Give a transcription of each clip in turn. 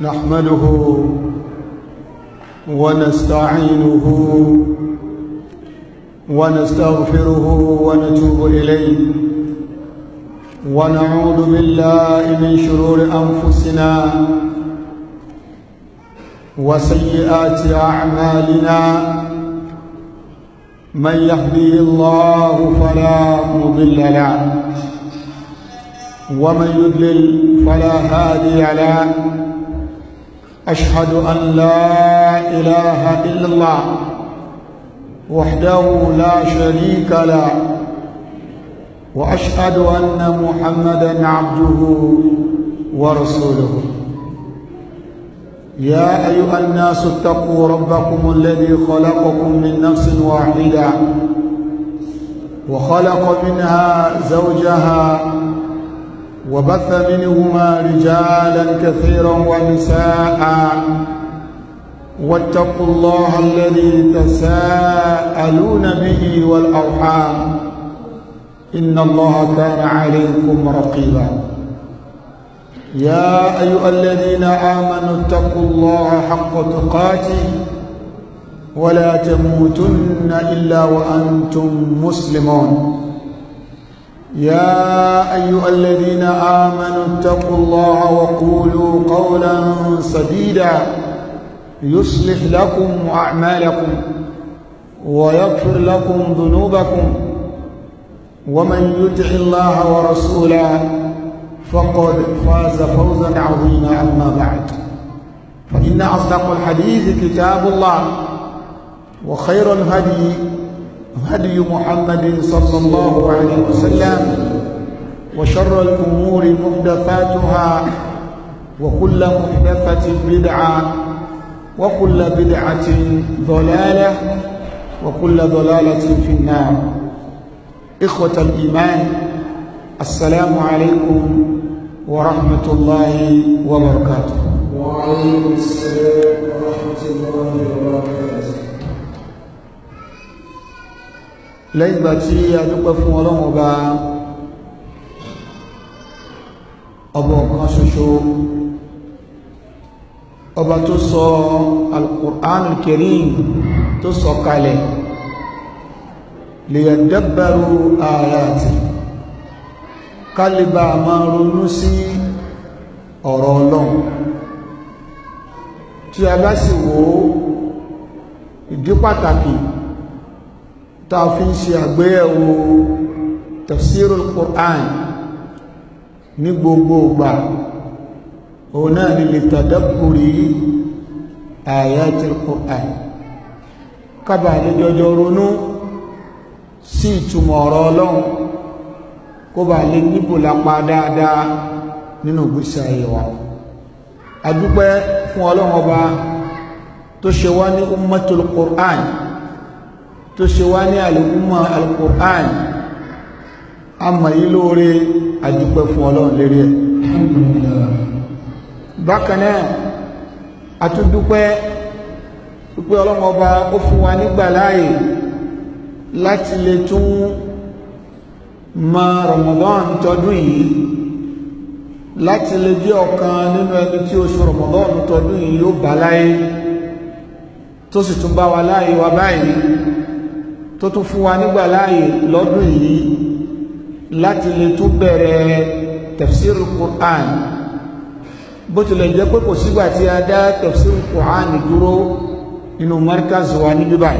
نحمده ونستعينه ونستغفره ونتوب إليه ونعوذ بالله من شرور أنفسنا وسيئات أعمالنا من يهدي الله فلا مضل له ومن يضلل فلا هادي له أشهد أن لا إله إلا الله وحده لا شريك له وأشهد أن محمدا عبده ورسوله يا أيها الناس اتقوا ربكم الذي خلقكم من نفس واحدة وخلق منها زوجها وبث منهما رجالا كثيرا ونساء واتقوا الله الذي تساءلون به والأرحام إن الله كان عليكم رقيبا يا أيها الذين آمنوا اتقوا الله حق تقاته ولا تموتن إلا وأنتم مسلمون يا أيها الذين آمنوا اتقوا الله وقولوا قولا سديدا يصلح لكم أعمالكم ويغفر لكم ذنوبكم ومن يطع الله ورسوله فقد فاز فوزا عظيما أما بعد فإن أصدق الحديث كتاب الله وخير الهدي هدي محمد صلى الله عليه وسلم وشر الأمور محدثاتها وكل محدثة بدعة وكل بدعة ضلالة وكل ضلالة في النار إخوة الإيمان السلام عليكم ورحمة الله وبركاته وعليكم السلام ورحمة الله وبركاته lẹ́yìn ìgbà tí a dúpẹ́ fún ọlọ́run ọba ọba ọ̀kan ṣoṣo ọba tó sọ al-Qur'an al-Karim tó sọ kalẹ̀ liyadabbaru ayati kálíbà máa ronú sí ọ̀rọ̀ ọlọ́run tí a bá sì wò ó ìdí pàtàkì tá a fi ń ṣe àgbéyẹ̀wò tafsirul Qur'an ní gbogbo ìgbà òun náà ni lè tàdábùrí ayatul Qur'an kábàá lè jọjọ ronú sí ìtumọ̀ ọ̀rọ̀ ọlọ́run kó bàa lè níbò lápá dáadáa nínú ìgbésí ayé wa adúpẹ́ fún ọlọ́run ọba tó ṣe wá ní ummatul Qur'an tó ṣe wá ní àlùkùnmọ́ alukur'an a mọ̀ yí lóore àdúpẹ́ fún ọlọ́run lérí ẹ̀ bákanáà a tún dúpẹ́ wípé ọlọ́run ọba ó fún wa nígbà láàyè láti lè tún mọ Ramadan tọdún yìí láti lè jẹ́ ọ̀kan nínú ẹni tí oṣù Ramadan tọdún yìí yóò bá láyé tó sì tún bá wa láàyè wa báyìí tó tún fún wa nígbà láàyè lọ́dún yìí láti lè tún bẹ̀rẹ̀ tafsiru Qur'an bó tilẹ̀ jẹ́ pé kò sígbà tí a dá tafsiru Qur'an dúró nínú markaz wa ní Dubai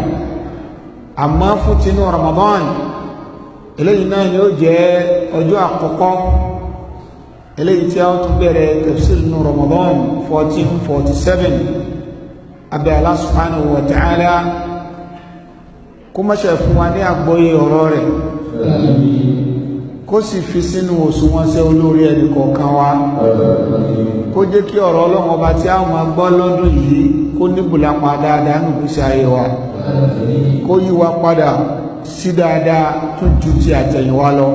àmọ́ fún tinú Ramadan eléyìí náà ni ó jẹ́ ọjọ́ àkọ́kọ́ eléyìí tí a tún bẹ̀rẹ̀ tafsiru nínú Ramadan 1447 abẹ́ Allah subhanahu wa ta'ala kó má ṣe fún wa ní àgbọ́yé ọ̀rọ̀ rẹ̀ kó sì fi sínú òṣùwọ̀nsẹ́ olórí ẹnì kọ̀ọ̀kan wa kó jẹ́ kí ọ̀rọ̀ ọlọ́run ọba tí a máa gbọ́ lọ́dún yìí kó níbùlápa dáadáa nínú ìgbésí ayé wa kó yí wa padà sí dáadáa tó ju ti àtẹ̀yìnwá lọ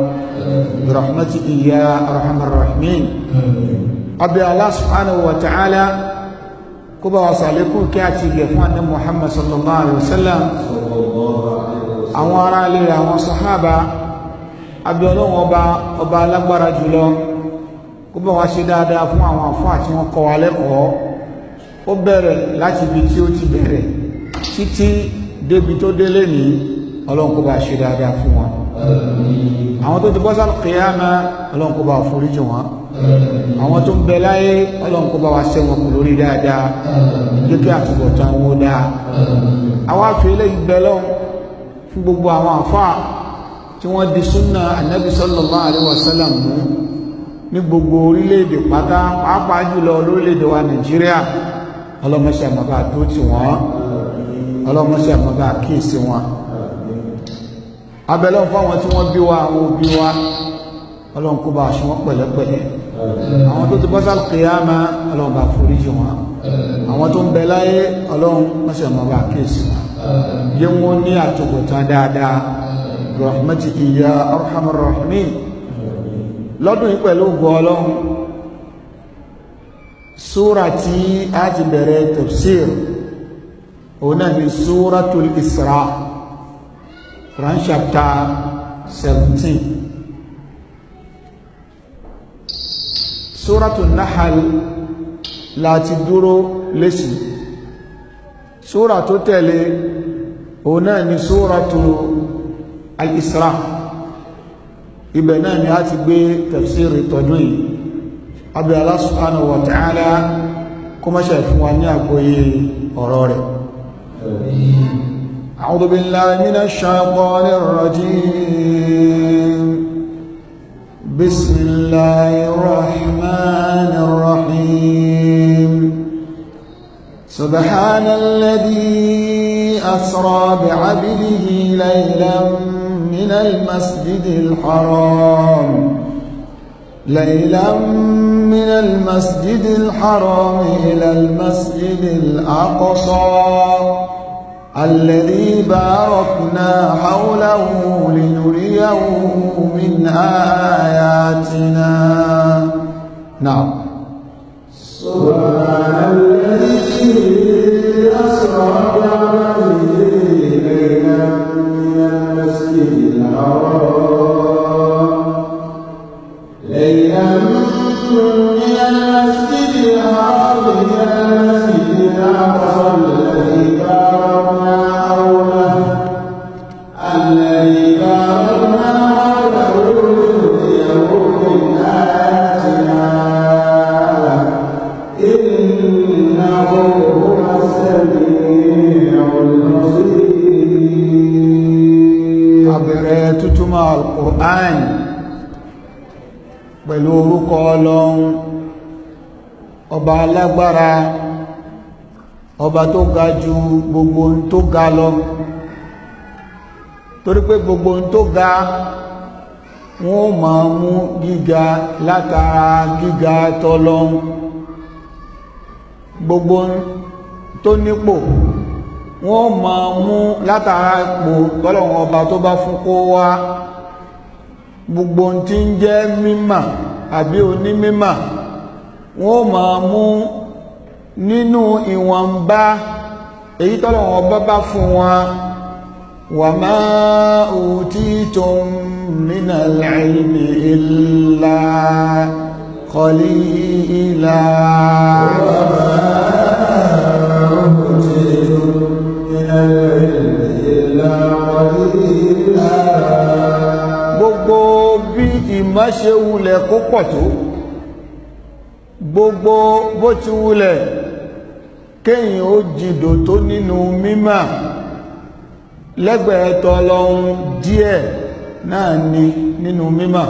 rahmatu iya rahman rahmin abi Allah subhanahu wa ta'ala kó bá wa sàlékún kí Muhammad sallallahu alaihi wa àwọn ará ilé rẹ̀ àwọn sàhábà abẹ́ ọlọ́run ọba ọba alágbára jùlọ kó bá wa ṣe dáadáa fún àwọn àfáà tí wọ́n kọ́ wa lẹ́kọ̀ọ́ ó bẹ̀rẹ̀ láti ibi tí ó ti bẹ̀rẹ̀ títí débi tó délé ní ọlọ́run kó bá ṣe dáadáa fún wọn àwọn tó ti bọ́ sálọ kìíyàmá ọlọ́run kó bá foríjì wọn àwọn tó ń bẹ láyé ọlọ́run wa ṣe wọn kù lórí dáadáa gẹ́gẹ́ àtúbọ̀tán wọn dáa àwọn àfẹ́ ilé ìgbẹ́lọ́run fún gbogbo àwọn àfáà tí wọ́n di súnà ànábì sallallahu alaihi wasallam mú ní gbogbo orílẹ̀-èdè pátá pàápàá jùlọ lórílẹ̀-èdè wa nàìjíríà ọlọ́mọṣẹ́ àmọ́bà tó tì wọ́n ọlọ́mọṣẹ́ àmọ́bà kíyèsí wọn abẹ́lọ́n fáwọn tí wọ́n bí wa àwọn òbí wa ọlọ́run kó bá aṣọ wọn pẹ̀lẹ́pẹ̀lẹ́ àwọn tó ti bọ́ sáà ọlọ́run bá foríjì wọn àwọn tó ń bẹ láyé ọlọ́run mọ́ṣẹ́ àmọ́bà kíyèsí wọn jẹ́ wọ́n ní àtúbọ̀tán dáadáa rahmatiki ya arhamar rahimin lọ́dún yìí pẹ̀lú ògo ọlọ́run súra tí a ti bẹ̀rẹ̀ tafsir òun náà ni súratul isra Quran chapter seventeen súratul nahal láti dúró lẹ́sìn súra tó tẹ̀lé òun náà ni suratu al-Isra ibẹ̀ náà ni a ti gbé tafsiri tọdún yìí abẹ́ Allah subhanahu wa ta'ala kó mọ́ṣẹ̀ fún wa ní àgbóyé ọ̀rọ̀ rẹ̀ a'udhu billahi minash shaytanir rajim bismillahir أسرى بعبده ليلا من المسجد الحرام ليلا من المسجد الحرام إلى المسجد الأقصى الذي باركنا حوله لنريه من آياتنا نعم سبحان الذي أسرى ọlọ́run ọba alágbára ọba tó ga ju gbogbo ohun tó ga lọ torí pé gbogbo ohun tó ga wọ́n máa mú gíga látara gíga tọ́lọ́run gbogbo tó nípò wọ́n máa mú látara ipò tọ́lọ́run ọba tó bá fún kó wá gbogbo ohun tí ń jẹ́ mímà àbí onímímà wọ́n máa mú nínú ìwọ̀nba èyí tọ́lọ̀wọ̀n bá bá fún wọn wà máa utitum minal ilmi illa qalila wà máa utitum minal ilmi ma ṣe wulẹ̀ kó pọ̀ tó gbogbo bó ti wulẹ̀ kéyìn ó jìdò tó nínú mímà lẹ́gbẹ̀ẹ́ tọ́lọ́run díẹ̀ náà ni nínú mímà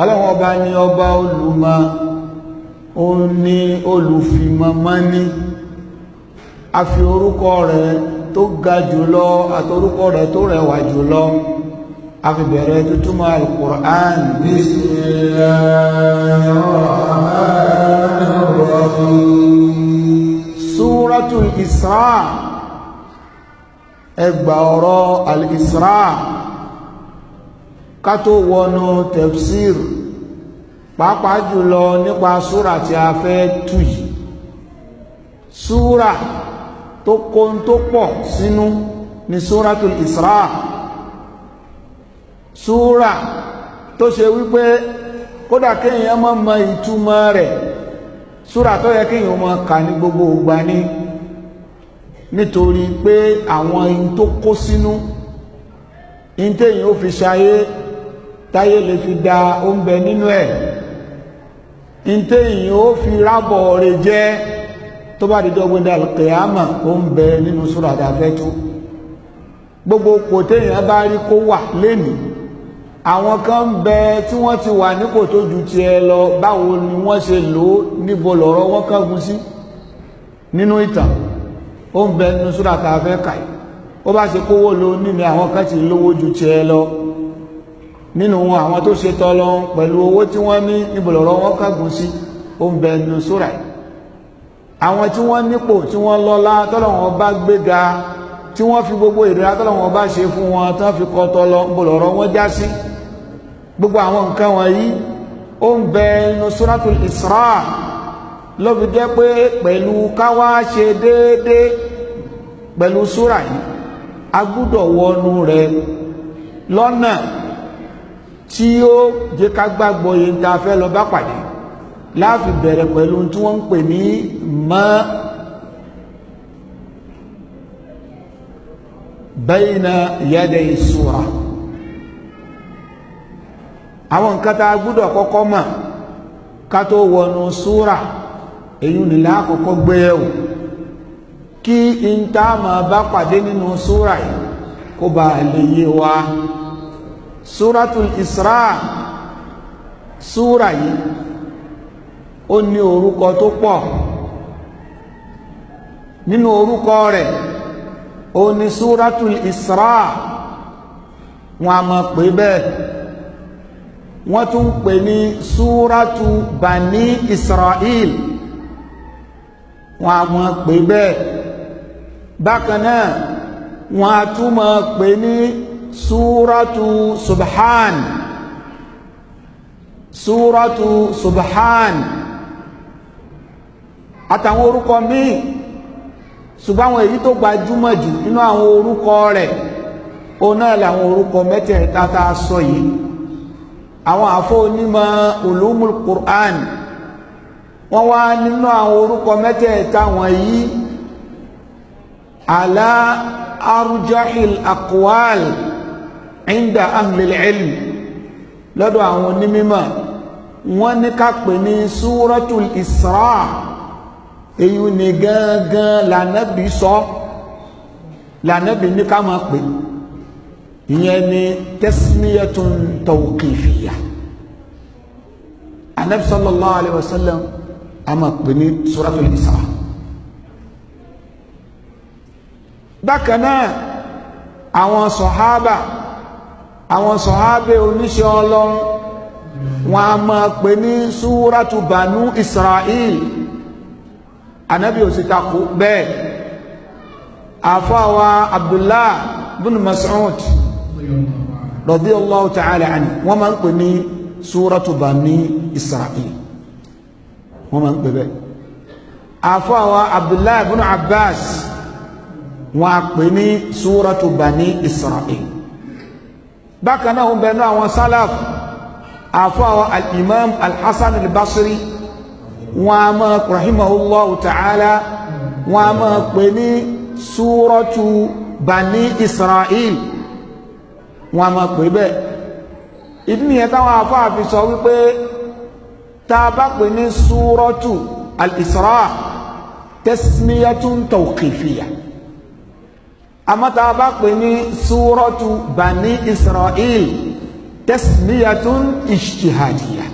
aláwọn ọba ni ọba olùmọ o ní olùfimọmọ́ni a fi orúkọ rẹ̀ tó ga jùlọ àtorúkọ rẹ̀ tó rẹwà jùlọ afi bẹ̀rẹ̀ tuntun alukur'an. suratul isra ẹgbà ọ̀rọ̀ al-isra kátó wọnú tafsir pàápàá jùlọ nípa súra tí a fẹ́ tù yìí súra tó kó ń tó pọ̀ sínú ní súratul isra. súrà tó ṣe wípé kódà èyàn mọ́ mọ ìtumọ̀ rẹ̀ súrà tó yẹ èyàn mọ́ kà ní gbogbo ọ̀gbani nítorí pé àwọn ohun tó kó sínú ohun téèyàn fi ṣayé táyé lè fi da oúnjẹ nínú ẹ̀ ohun téèyàn fi rábọ̀ rẹ̀ jẹ́ tó bá nínú tá gbogbo kò téèyàn bá rí wà lénìí àwọn kan ń bẹ tí wọ́n ti wà nípò tó ju ti lọ báwo ni wọ́n ṣe lò ó níbo lọ̀rọ̀ wọ́n kángun sí nínú ìtàn ó ń bẹ nínú súrà tá a fẹ́ kà yìí ó bá ṣe kówó lo nínú àwọn kan ti lówó ju ti ẹ lọ nínú àwọn tó ṣe tọlọ pẹ̀lú owó tí wọ́n ní níbo lọ̀rọ̀ wọ́n kángun sí ó ń bẹ nínú súrà yìí àwọn tí wọ́n nípò tí wọ́n lọ́lá tọ́lọ̀wọ́n bá gbéga tí wọ́n fi gbogbo ìrírá tọ́lọ̀wọ́n bá ṣe fún wọn tán fi kọ́ tọ́lọ ń bò já sí gbogbo àwọn nǹkan wọ̀nyí ó ń bẹ inú suratul Isra ló fi jẹ́ pé pẹ̀lú káwá ṣe déédé pẹ̀lú súrà yìí a gbúdọ̀ wọnú rẹ̀ lọ́nà tí ó jẹ́ ká gbàgbọ́ yìí ta fẹ́ lọ bá pàdé láàfi bẹ̀rẹ̀ pẹ̀lú tí wọ́n ń pè ní mọ́ bayna yaday súrà. àwọn nǹkan tá a gbúdọ̀ kọ́kọ́ mọ̀ ká tó wọnú súrà èyí nìlá àkọ́kọ́ gbé ẹ̀wò kí n tá a máa bá pàdé nínú súrà yìí kó ba lè yé wa súratul Isra súrà yìí ó ní orúkọ tó pọ̀ nínú orúkọ rẹ̀ ó ní súratul Isra wọn a máa bẹ́ẹ̀. wọ́n tún pè ní súrátù bani israel wọ́n a mọ̀ pé bẹ́ẹ̀ bákan náà wọ́n a tún mọ̀ pè ní súrátù subhan súrátù subhan àtàwọn orúkọ míì ṣùgbọ́n àwọn èyí tó gbajúmọ̀ jù nínú àwọn orúkọ rẹ̀ òun náà làwọn orúkọ mẹ́tẹ̀ẹ̀ta tá sọ yìí àwọn àfọ onímọ̀ ulumul Qur'an wọ́n wá nínú àwọn orúkọ mẹ́tẹ̀ẹ̀ta wọ̀nyí ala arjahil aqwal inda ahlil ilm lọ́dọ̀ àwọn onímọ̀ wọ́n ní ká pè ní suratul Isra èyí ni gángan lànàbí sọ lànàbí ní ká máa pè ní ìyẹn ni tasmiyatun tawqifiyya anabi sallallahu alayhi wa sallam a máa pè ní suratul isra bákan náà àwọn sọ̀hábà àwọn sọ̀hábẹ́ oníṣẹ́ ọlọ́run wọn a máa pè ní súrátù bànú israel anábì ò sì takò bẹ́ẹ̀ àfáwa abdullah bin mas'ud radiyallahu ta'ala anhu wọ́n máa ń pè ní suratu bani isra'il wọ́n máa ń pè bẹ́ẹ̀ àfọwọ́ abdullahi ibn abbas wọ́n á pè ní suratu bani isra'il bákan náà ń bẹnu àwọn salaf àfọwọ́ al-imam al-hasan al-basri wọ́n á máa rahimahullahu ta'ala wọ́n á máa pè ní suratu bani isra'il wọn a máa pè bẹ́ẹ̀ ìdí nìyẹn táwọn àfáà fi sọ wípé tá a bá pè ní súrọ́tù al-Isra tasmiyatun tawqifiyya àmọ́ tá a bá pè ní súrọ́tù bani Israel tasmiyatun ijtihadiyya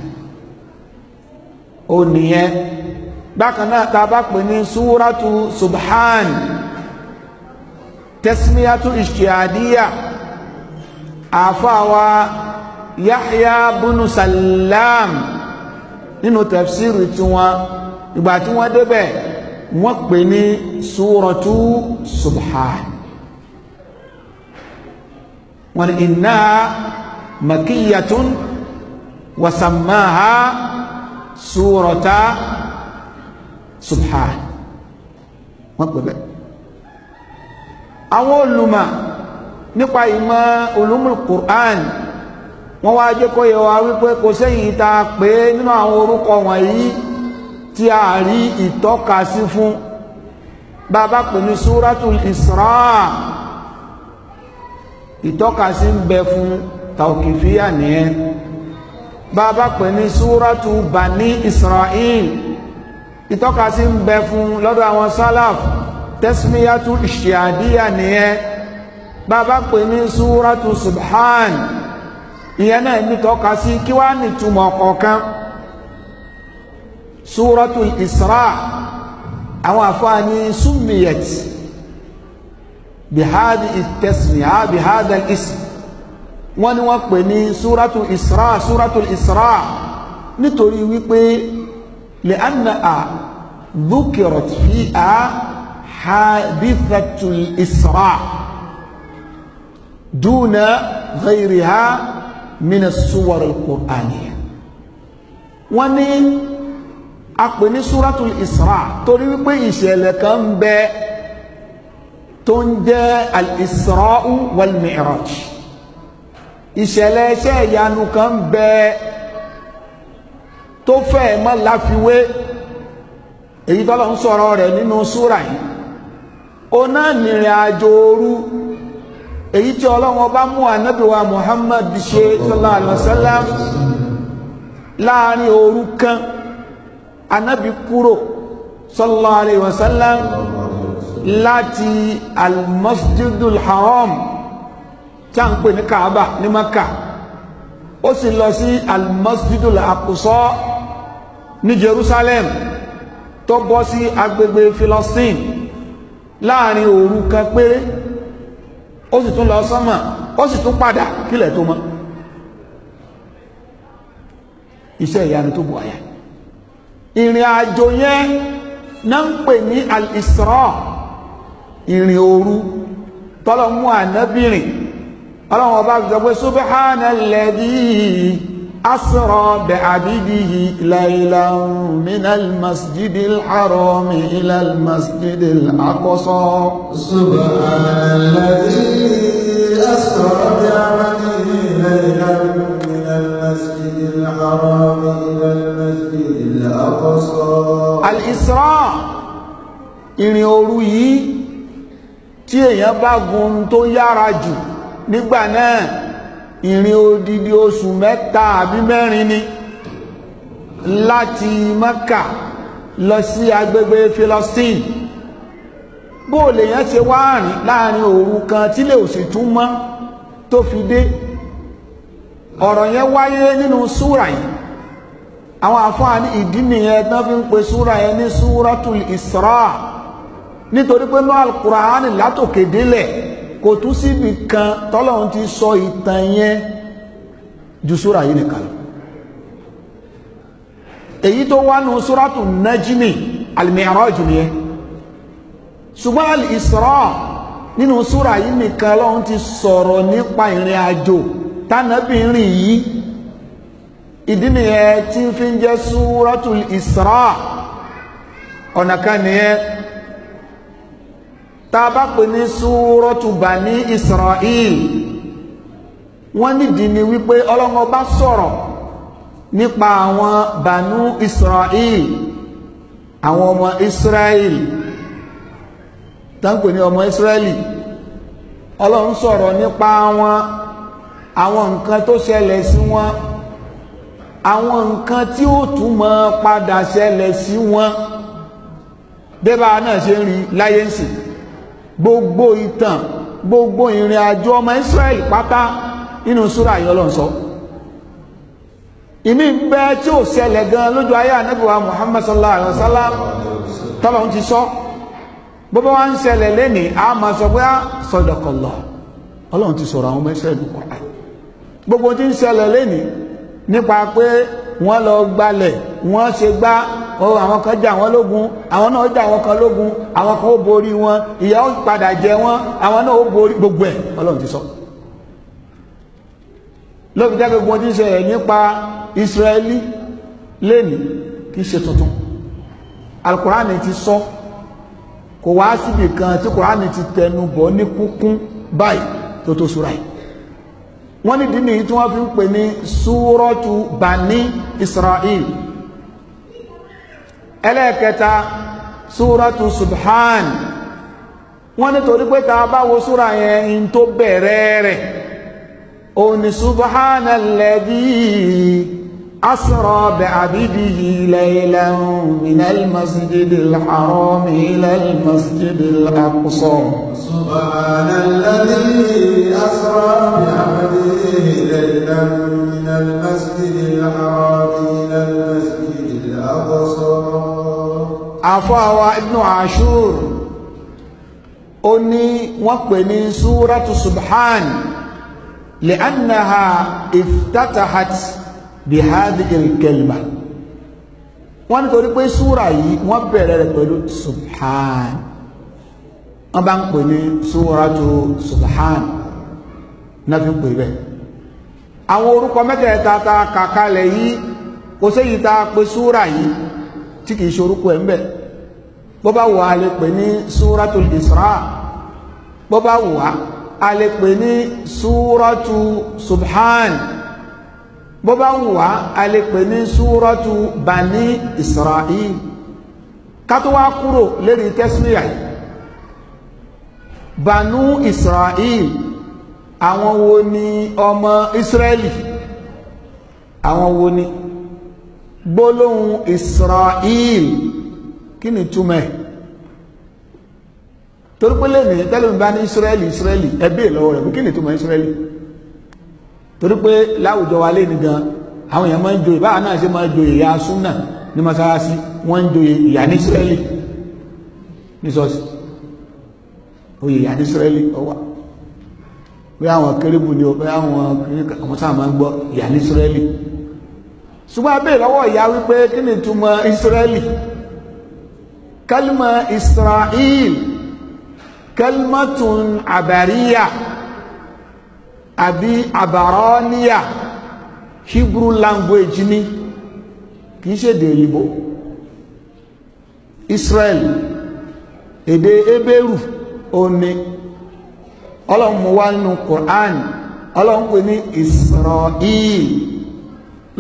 ó nìyẹn bákan náà tá a bá pè ní súrọ́tù subhan tasmiyatun ijtihadiyya àfáwa yahya bunu salam nínú tafsiri tiwọn ìgbà tí wọ́n débẹ̀ wọ́n pè ní suratu subhan wọ́n ní iná makiyatun wasamaha surata subhan wọ́n pè bẹ́ẹ̀ àwọn olùmọ̀ nípa ìmọ̀ ulumul Qur'an wọ́n wá jẹ́ kó yẹ wa wípé kò sẹ́yìn ta pé nínú àwọn orúkọ wọ̀nyí tí a rí ìtọ́ka sí fún bàbá pè ní Suratul Isra ìtọ́ka sí ń bẹ fún tàùkìfíà nìyẹn bàbá pè ní Bani Israel, ìtọ́ka sí ń bẹ fún lọ́dọ̀ àwọn sálàf tẹ́símíyàtú ìṣìàdíyà nìyẹn bàbá pè ní súrátù subhan ìyẹn náà ní tọ́ka sí kí wá ní túmọ̀ kọ̀ọ̀kan súrátù isra àwọn àfáàní sumiyat bihadi ìtẹsìmíà bihadi ìsìn wọ́n ní wọ́n pè ní súrátù isra súrátù isra nítorí wípé lè anna a dhukirat fi a hadithatul isra dúnà ghairiha mina suwar al-Qur'aniyya wọ́n ní a pè ní suratul Isra torí wípé ìṣẹ̀lẹ̀ kan ń bẹ tó ń jẹ́ al-Isra'u wal-Mi'raj ìṣẹ̀lẹ̀ iṣẹ́ ìyanu kan ń bẹ tó fẹ́ mọ́ láfiwé èyí tọ́lọ́ ń sọ̀rọ̀ rẹ̀ nínú súra yìí ó náà nìrìn àjò òru èyí tí ọlọ́run ọba mú ànábìwá Muhammad ṣe sallallahu alaihi wasallam láàrin òru kan ànábì kúrò sallallahu alaihi wasallam láti almasjidul haram tí a ń pè ní kaaba ní maka ó sì lọ sí almasjidul aqsa ní Jerusalem tó bọ́ sí agbègbè Filistin láàrin òru kan péré ó sì tún lọ sánmà ó sì tún padà kílẹ̀ tó mọ́ iṣẹ́ ìyanu tó bu àyà ìrìn àjò yẹn náà ń pè ní al-Isra ìrìn òru tọ́lọ́ mú ànábìrìn ọlọ́run ọba àgbẹ̀gbẹ́ subhanalladhi. أسرى بعبده ليلا من المسجد الحرام إلى المسجد الأقصى سبحان الذي أسرى بعبده ليلا من المسجد الحرام إلى المسجد الأقصى الإسراء ìrìn òru yìí tí èèyàn bá gun tó yára ìrìn odidi oṣù mẹ́ta àbí mẹ́rin ni láti Mẹ́kà lọ sí agbègbè Filistin bóòlè yẹn ṣe wá rìn láàrin òru kan tí lè òsì tún mọ́ tó fi dé ọ̀rọ̀ yẹn wáyé nínú súra yìí àwọn àfáàní ìdí nìyẹn tán fi ń pe súra yẹn ní súratul Isra nítorí pé náà Al-Qur'ani látòkè délẹ̀ kò tún síbi kan tọ́lọ́run ti sọ ìtàn yẹn ju súra yìí nìkan èyí tó wá nu súrátù najmi al-mi'raj nìyẹn ṣùgbọ́n al-isra nínú súra yìí nìkan lọ́run ti sọ̀rọ̀ nípa ìrìn àjò tánàbí rìn yìí ìdí nìyẹn tí ń fi ń jẹ́ súratul isra ọ̀nà kan nìyẹn tá a bá pè ní súrọ́tù Bani Israel wọ́n nídìí ni wípé ọlọ́run bá sọ̀rọ̀ nípa àwọn Banu Israel àwọn ọmọ Israel táǹpẹ̀ ní ọmọ Israeli ọlọ́run sọ̀rọ̀ nípa wọn àwọn nǹkan tó ṣẹlẹ̀ sí wọn àwọn nǹkan tí ó tún mọ́ padà ṣẹlẹ̀ sí wọn débà náà ṣe ń rí láyé ń sìn gbogbo ìtàn gbogbo ìrìn àjò ọmọ Israel pátá nínú súrà yìí Ọlọ́run sọ ìmí ń bẹ tí ò ṣẹlẹ̀ gan lójú ayé ànábìwá Muhammad sallallahu alaihi wasallam tọ́lọ̀ ń ti sọ bọ́bá wa ń ṣẹlẹ̀ lẹ́nìí a máa sọ pé ah, sọdọ̀kọ̀lọ̀ Ọlọ́run ti sọ̀rọ̀ àwọn ọmọ Israel pọ̀ gbogbo tí ń ṣẹlẹ̀ lẹ́nìí nípa pé wọ́n lọ gbalẹ̀ wọ́n ṣe gbá o àwọn kan jà wọn lógun àwọn náà jà wọn kan lógun àwọn kan ó borí wọn ìyà ó padà jẹ wọn àwọn náà ó borí gbogbo ẹ̀ Ọlọ́run ti sọ lóbi jẹ́ gbogbo tí ń ṣe ẹ̀ nípa Israẹli lẹ́ni kì í ṣe tuntun alukurani ti sọ kò wá síbi kan tí kurani ti tẹnu bọ̀ ní kúkún báyìí tó tó sura yìí wọ́n ní dín tí wọ́n fi ń pè ní súrọ́tù bani Israel ẹlẹ́ẹ̀kẹta súratu subhan wọ́n nítorí pé ta bá wo súra yẹn in tó bẹ̀rẹ̀ rẹ̀ òní subhana alladhi asra bi abidihi laylan minal masjidil haram ilal masjidil aqsa subhana alladhi asra bi abidihi laylan minal masjidil haram àfọwà ibnu ashur ó ní wọ́n pè ní súrátù subhan li'annaha iftatahat bihadhihi al-kalima wọ́n nítorí pé súra yìí wọ́n bẹ̀rẹ̀ rẹ̀ pẹ̀lú subhan wọ́n bá ń pè ní súrátù subhan náà fi pè bẹ́ẹ̀ àwọn orúkọ mẹ́tẹ̀ẹ̀ta ta kàkalẹ̀ yìí kò séyìí ta pé súra yìí tí kìí ṣe orúkọ ẹ̀ ń bẹ̀ẹ́ bó bá wà á lè pè ní súratul Isra bó bá wà á lè pè ní súratu subhan bó bá wà á lè pè ní súratu bani Isra'il kátó wá kúrò lérí tẹ́sílẹ̀ yìí banu Isra'il àwọn wo ni ọmọ Israeli àwọn wo ni gbólóhùn Isra'il kí ni túmọ̀ ẹ̀ torí pé lẹ́nu tẹ́lẹ̀mí bá ní Ísírẹ́lì Ísírẹ́lì ẹbí lọ́wọ́ rẹ̀ kí ni túmọ̀ Ísírẹ́lì torí pé láwùjọ wa lé ni gan àwọn èèyàn máa ń joyè báwa náà ṣe máa joyè ìyá súnà ní mọ́sálásí wọ́n ń joyè ìyá ní Ísírẹ́lì ní sọ́ọ̀sì oyè ìyá ní Ísírẹ́lì ọwà pé àwọn kérébù ni o pé àwọn àwọn sáà máa ń gbọ́ ìyá ní Ísírẹ́lì ṣùgbọ́n abẹ́ ìlọ́wọ́ ìyá wípé kí ni túmọ̀ Ísírẹ́lì kalma israel kalmatun abariya àbí abaroniya hebrew language ni kì í ṣèdè òyìnbó israel èdè ebéèrù òní ọlọ́run mú wá nínú quran ọlọ́run pè ní israel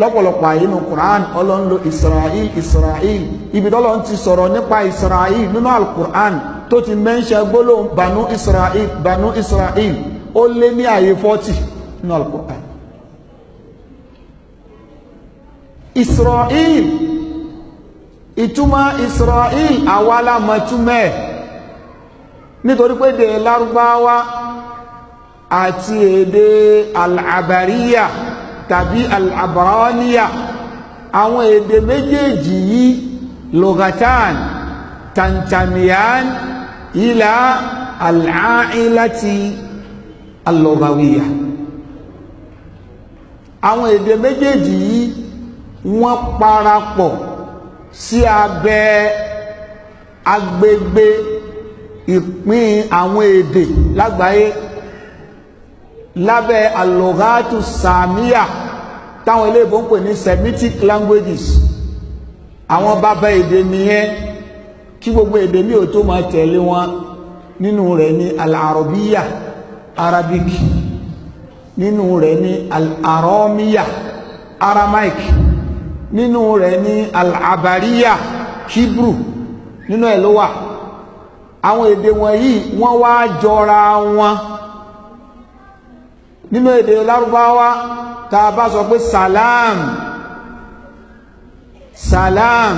lọ́pọ̀lọpọ̀ àyè nu quran ọlọ́run lo israel israel ibi tọ́lọ́run ti sọ̀rọ̀ nípa israel nínú alukur'an tó ti mẹ́ńṣẹ́ gbólóhùn banu israel banu israel ó lé ní àyè fọ́tì nínú alukur'an. israel ìtumọ̀ israel àwa la mọ̀ túmọ̀ ẹ̀ nítorí pé èdè lárúbáwá àti èdè al-abariya. al abariya tàbí al-abraniya àwọn èdè méjèèjì yìí lugatan tantamiyan ila al-ailati al-lugawiya àwọn èdè méjèèjì yìí wọ́n parapọ̀ sí abẹ́ agbègbè ìpín àwọn èdè lágbàáyé lábẹ́ al-lugatu sàmíyà táwọn iléèbó ń pè ní Semitic languages àwọn bàbá èdè nìyẹn kí gbogbo èdè mi ò tó máa tẹ̀lé wọn nínú rẹ̀ ní al-Arabiya Arabic nínú rẹ̀ ní al-Aramiya Aramaic nínú rẹ̀ ní al-Abariya Hebrew nínú ẹ̀ ló wà àwọn èdè wọ̀nyí wọ́n wá jọra wọn nínú èdè lárúbáwá tá a bá sọ pé salam salam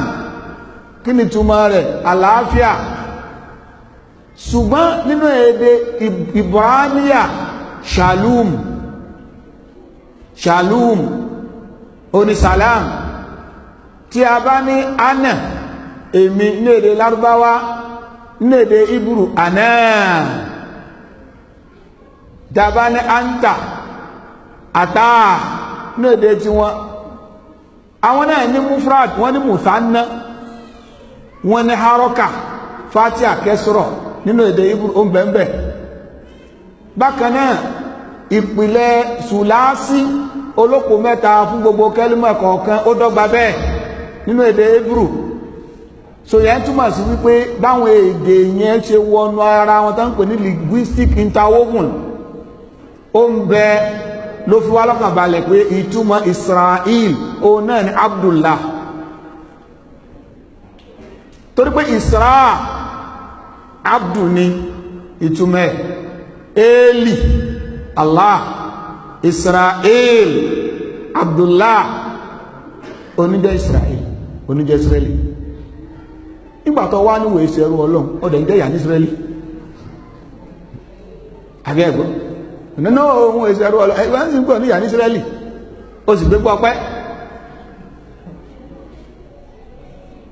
kí ni túmọ̀ rẹ̀ àlàáfíà ṣùgbọ́n nínú èdè ibrahimiya shalom shalom oní salam tí a bá ní ana èmi ní èdè lárúbáwá ní èdè ibùrù ana dábá ní anta àtàà náà èdè tí wọ́n àwọn náà ní mufrad wọ́n ní musanna wọ́n ní haroka fatia kẹsùrọ̀ nínú èdè ibùdó ọ̀nbẹ̀ǹbẹ̀ bákan náà ìpìlẹ̀ sùláásí olóko mẹ́ta fún gbogbo kẹ́límà kọ̀ọ̀kan ó dọ́gba bẹ́ẹ̀ nínú èdè hebrew so yẹn túmọ̀ sí wípé báwọn èdè yẹn ṣe wọnú ara wọn tán pè ní linguistic interwoven ó ló fi wá lọ́kàn balẹ̀ pé ìtumọ̀ Israel o náà ni Abdullah torí pé Isra Abdu ni ìtumọ̀ ẹ̀ Eli Allah Israel Abdullah oníjẹ́ Israel oníjẹ́ Israeli nígbàtọ̀ wá níwò ìṣẹ́rú ọlọ́run ọdẹ̀ ń jẹ́ ìyà ní Israeli abẹ́ ẹ̀gbọ́n nínú ohun ìṣẹ̀rú ọlọ́ ẹgbẹ́ ń gbọ́ níyà ní Ísírẹ́lì ó sì gbégbó ọpẹ́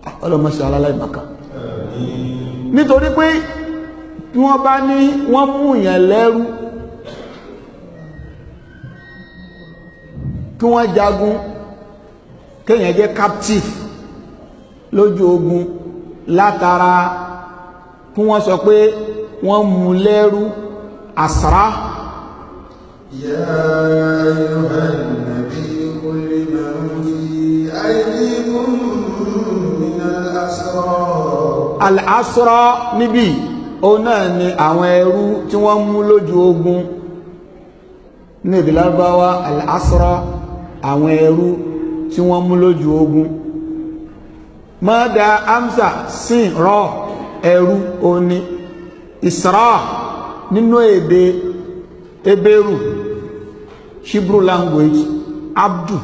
ah, ọlọ́mọṣẹ́ aláìmọ̀ká nítorí pé wọ́n bá ní wọ́n mú yẹn lẹ́rú kí wọ́n jagun kéèyàn jẹ́ captive lójú ogun látara kí wọ́n sọ pé wọ́n mú lẹ́rú àsárá Al-Asra níbi òun náà ni àwọn ẹrú tí wọ́n mú lójú ogun ní èdè Lárúbáwá Al-Asra àwọn ẹrú tí wọ́n mú lójú ogun mọ́dá amsa sin rọ ẹrú òun ni nínú èdè ebéru Hebrew language abdu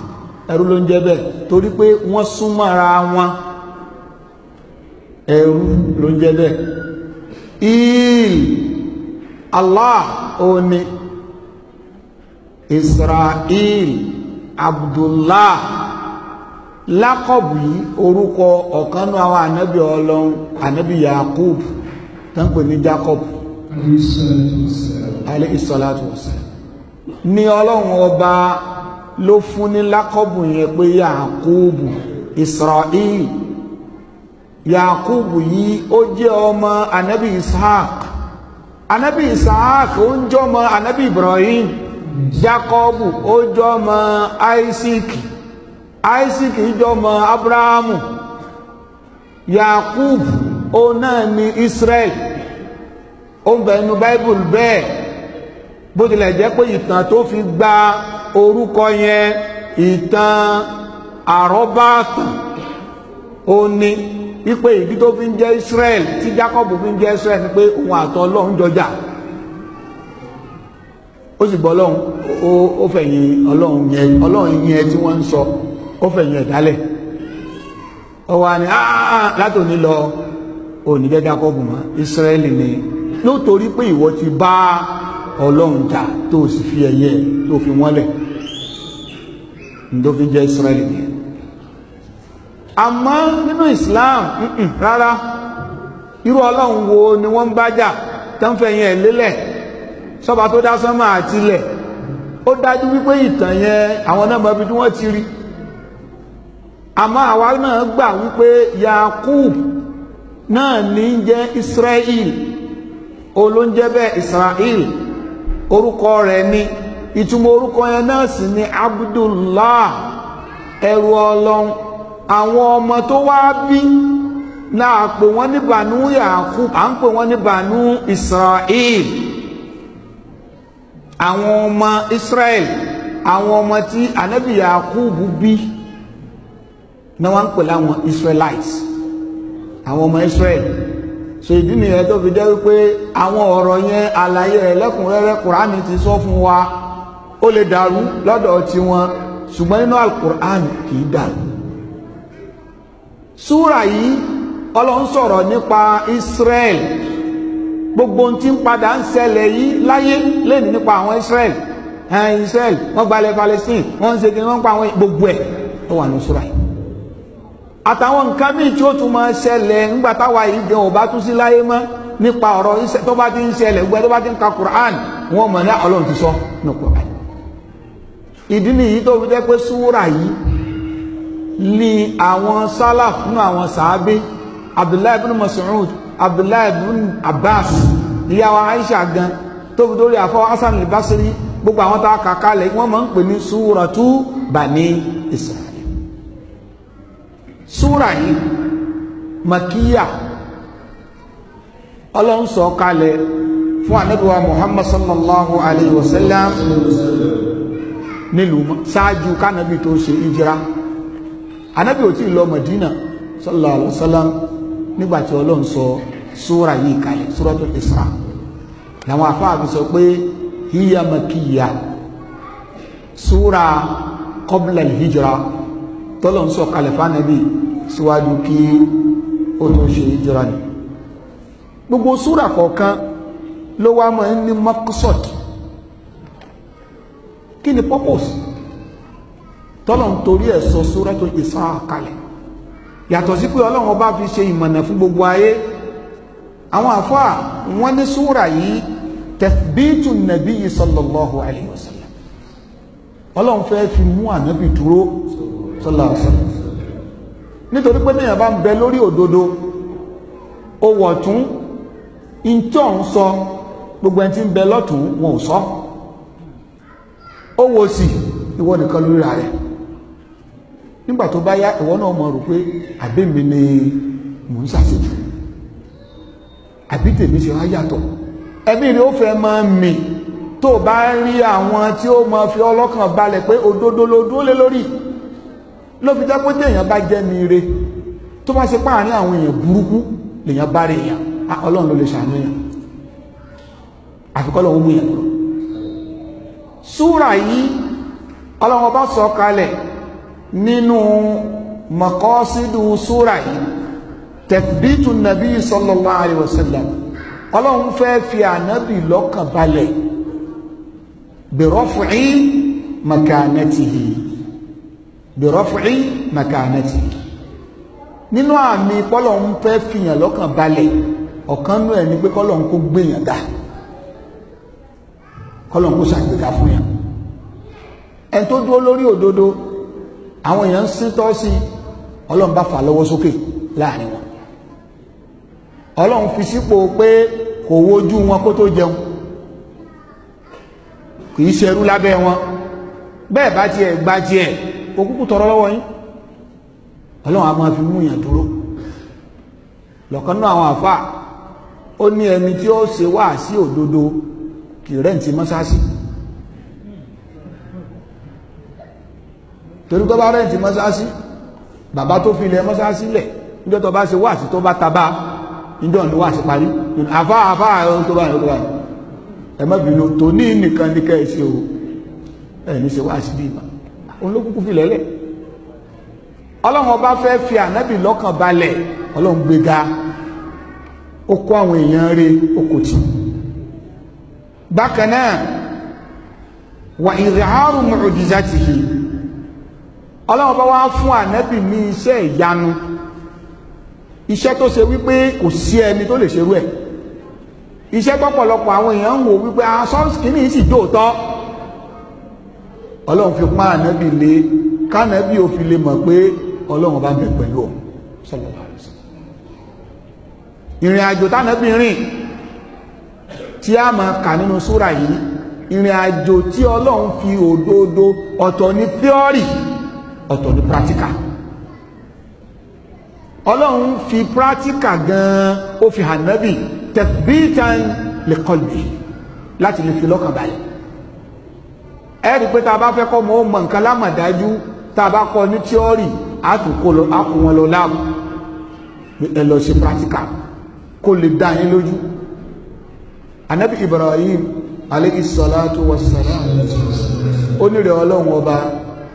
ẹrú ló ń jẹ́ bẹ́ẹ̀ torí pé wọ́n súnmọ́ ara wọn ẹrú ló ń jẹ́ bẹ́ẹ̀ il Allah oni Israel Abdullah lákọ̀bù yìí orúkọ ọ̀kanú àwọn ànábì ọlọ́run ànábì Yakub tán pè ní Jacob alayhi salatu Ni ọlọ́run ọba ló fún ní lákọ́bù yẹn pé Yakubu Israel Yakubu yìí ó jẹ́ ọmọ anabi Ishaq anabi Ishaq ó ń jẹ́ ọmọ anabi Ibrahim Jacob ó jẹ́ ọmọ Isaac Isaac jẹ́ ọmọ Abrahamu Yakubu ó náà ni Israel ó ń bẹ̀ẹ́nu Bible bẹ́ẹ̀. bó tilẹ̀ jẹ́ pé ìtàn tó fi gba orúkọ yẹn ìtàn àrọ́bàtàn ó ní wípé ìdí tó fi ń jẹ́ Israel tí Jacob fi ń jẹ́ Israel ni pé òun àtọ́ Ọlọ́run jọjà ó sì gbọ́ Ọlọ́run ó fẹ̀yìn Ọlọ́run yẹn Ọlọ́run yẹn tí wọ́n ń sọ ó fẹ̀yìn ẹ̀dálẹ̀ ọwọ́ ni látòní lọ òní jẹ́ Jacob mọ́ Israel ni lótorí pé ìwọ ti bá a. ọlọ́run ta tó sì fi ẹ̀yẹ tó fi wọ́n lẹ̀ tó fi jẹ́ Israẹli nìyẹn àmọ́ nínú Islam rárá irú ọlọ́run wo ni wọ́n ń bá jà tó ń fẹ́ lélẹ̀ sọ́ba tó dá sánmà àti ilẹ̀ ó dájú wípé ìtàn yẹn àwọn náà mọ ibi tí wọ́n ti rí àmọ́ àwa náà gbà wípé Yakub náà ní jẹ́ Israel olóúnjẹ bẹ́ẹ̀ Israel. orúkọ rẹ̀ ni ìtumọ̀ orúkọ yẹn náà sì ni abdullah ẹrú ọlọ́run àwọn ọmọ tó wá bí náà pè wọ́n ní bànú yakub à ń pè wọ́n ní bànú israel àwọn ọmọ israel àwọn ọmọ tí anabi yakub bí náà wọ́n ń pè láwọn israelites àwọn ọmọ israel. ṣèdí nìyẹn tó fi jẹ́ wípé àwọn ọ̀rọ̀ yẹn àlàyé rẹ̀ lẹ́kùnrẹ́rẹ́ kùránì ti sọ fún wa ó lè dàrú lọ́dọ̀ tiwọn ṣùgbọ́n nínú àlùkùránì kì dàrú. súrà yìí ọlọ́run sọ̀rọ̀ nípa Israel gbogbo ohun tí ń padà ń ṣẹlẹ̀ yìí láyé lẹ́nu nípa àwọn Israel ẹ̀ẹ́n Israel wọ́n gbalẹ̀ Palestine wọ́n ń ṣe kí wọ́n pa àwọn gbogbo ẹ̀ ó wà ní súrà yìí àtàwọn nǹkan míì tí ó tún máa ṣẹlẹ̀ ńgbà táwa yìí gan ò bá tún sí láyé mọ́ nípa ọ̀rọ̀ tó bá ti ń ṣẹlẹ̀ gbẹ tó bá ti ń ka Qur'an wọn mọ̀ ní Ọlọ́run ti sọ ní Qur'an ìdí nìyí tó fi jẹ́ pé súwúrà yìí ni àwọn sálàf nínú àwọn sàábé Abdullahi ibn Mas'ud Abdullahi bin Abbas ìyá wa Aisha gan tó fi dórí àfọ Hasan al-Basri gbogbo àwọn tá a kà kalẹ̀ wọ́n máa ń pè ní súwúrà tú Bani Israel súrà yìí makiya ọlọ́run sọ kalẹ̀ fún anábíwá muhammad sallallahu alayhi wa sallam nílùú ṣáájú kánábì tó ṣe ìjira anábì ò tí ì lọ madina sallallahu alayhi wa sallam nígbàtí ọlọ́run sọ súrà yìí kalẹ̀ súratul isra làwọn afáàbí sọ pé hiya makiya súrà qabla al tọ́lọ̀ ń sọ kalẹ̀ fánẹ́bì síwájú kí ó tó ṣe ìjọra nì gbogbo súrà kọ̀ọ̀kan ló wá mọ́ ní maqsad kí ni purpose tọ́lọ̀ ń torí ẹ̀ sọ Suratul Isra kalẹ̀ yàtọ̀ sí pé ọlọ́run ọba fi ṣe ìmọ̀nà fún gbogbo ayé àwọn àfáà wọ́n ní súrà yìí tẹ̀bíìtù nàbí sallallahu alayhi wa sallam ọlọ́run fẹ́ fi mú ànábì dúró sọ́làṣọ́ nítorí pé téèyàn bá ń bẹ lórí òdodo ó wọ̀tún ìtọ́ ń sọ gbogbo ẹni tí ń bẹ lọ́tún wọn ò sọ ó wo sì ìwọ nìkan lórí rà rẹ̀ nígbà tó bá yá ìwọ náà mọ̀ rò pé àbẹ́mi ni mò ń ṣàṣejù àbí tèmi ṣe wá yàtọ̀ ẹbí rẹ̀ ó fẹ́ máa mì tó bá rí àwọn tí ó máa fi ọlọ́kàn balẹ̀ pé òdodo ló dúró lé lórí ló fi jẹ́ pé téèyàn bá jẹ́ ni ire tó bá ṣe páàrin àwọn èèyàn burúkú lèèyàn bá rí èèyàn ọlọ́run ló lè ṣàánú èèyàn àfikọ́ lọ́wọ́ mú èèyàn lọ. súrà yìí ọlọ́run bá sọ kalẹ̀ nínú mọ̀kọ́sídù súrà yìí tẹ̀bítù nàbí sallallahu alaihi ọlọ́run fẹ́ fi ànábì lọ́kàn balẹ̀ bi raf'i makanatihi bìrọ́fì mẹkànẹ́tì nínú àmì pọ́lọ̀ ń fẹ́ fìyàn lọ́kàn balẹ̀ ọ̀kan nú ẹ̀ ní pé kọ́lọ̀ ń kó gbèyàn dá kọ́lọ̀ ń kó ṣàgbéga fún yàn ẹni tó dúró lórí òdodo àwọn èèyàn ń sín tọ́ sí ọlọ́run bá fà lọ́wọ́ sókè láàrin wọn ọlọ́run fi sípò pé kò wojú wọn kó tó jẹun kì í ṣerú lábẹ́ wọn bẹ́ẹ̀ bá tiẹ̀ gbá tiẹ̀ kò kúkú tọrọ lọ́wọ́ yín ọlọ́run a máa fi mú yàn dúró lọ́kàn náà àwọn àfa ó ní ẹni tí ó ṣe wá sí òdodo kì rẹ́ǹtì mọ́sáàsì torí tó bá rẹ́ǹtì mọ́sáàsì bàbá tó fi ilẹ̀ mọ́sáàsì lẹ̀ níjọ́ tó bá ṣe wá sí tó bá tabá níjọ́ ni wá sí parí àfa àfa àwọn tó bá yẹ kó bá yẹ ẹ má bínú nìkan ní o ẹ ní ṣe wá sí bí ìmọ̀ òun ló kúkú fi lẹ́lẹ̀ ọlọ́run ọba fẹ́ fi ànábì lọ́kàn balẹ̀ ọlọ́run gbéga ó kó àwọn èèyàn rẹ̀ okòtì bákan náà wà ìrìhárù mu'jizatihi ọlọ́run ọba wá fún ànábì ní iṣẹ́ ìyanu iṣẹ́ tó ṣe wípé kò sí ẹni tó lè ṣerú ẹ̀ iṣẹ́ pọ̀pọ̀lọpọ̀ àwọn èèyàn ń wò wípé asọ́nsì ah, kìíní sì dóòtọ́ ọlọ́run fi pa ànábì lé kánábì ò fi lè mọ̀ pé ọlọ́run bá ń bẹ pẹ̀lú òun sallallahu alaihi wasallam ìrìn àjò tánábì rìn tí a máa kà nínú súra yìí ìrìn àjò tí ọlọ́run fi òdodo ọ̀tọ̀ ní theory ọ̀tọ̀ ní practical ọlọ́run fi practical gan-an ó fi hàn tẹ̀bíìtàn lè kọlù láti lè fi lọ́kàn balẹ̀ ẹ rí i pé tá a bá fẹ́ kọ́ mọ́ ó mọ nǹkan lámọ̀dájú tá a bá kọ́ ní tíọ́rì á tún kó lọ á kó lọ láàbù ẹ lọ ṣe practical kó lè dá yín lójú anabi ibrahim aleyhi salatu wa salam onírè ọlọ́run ọba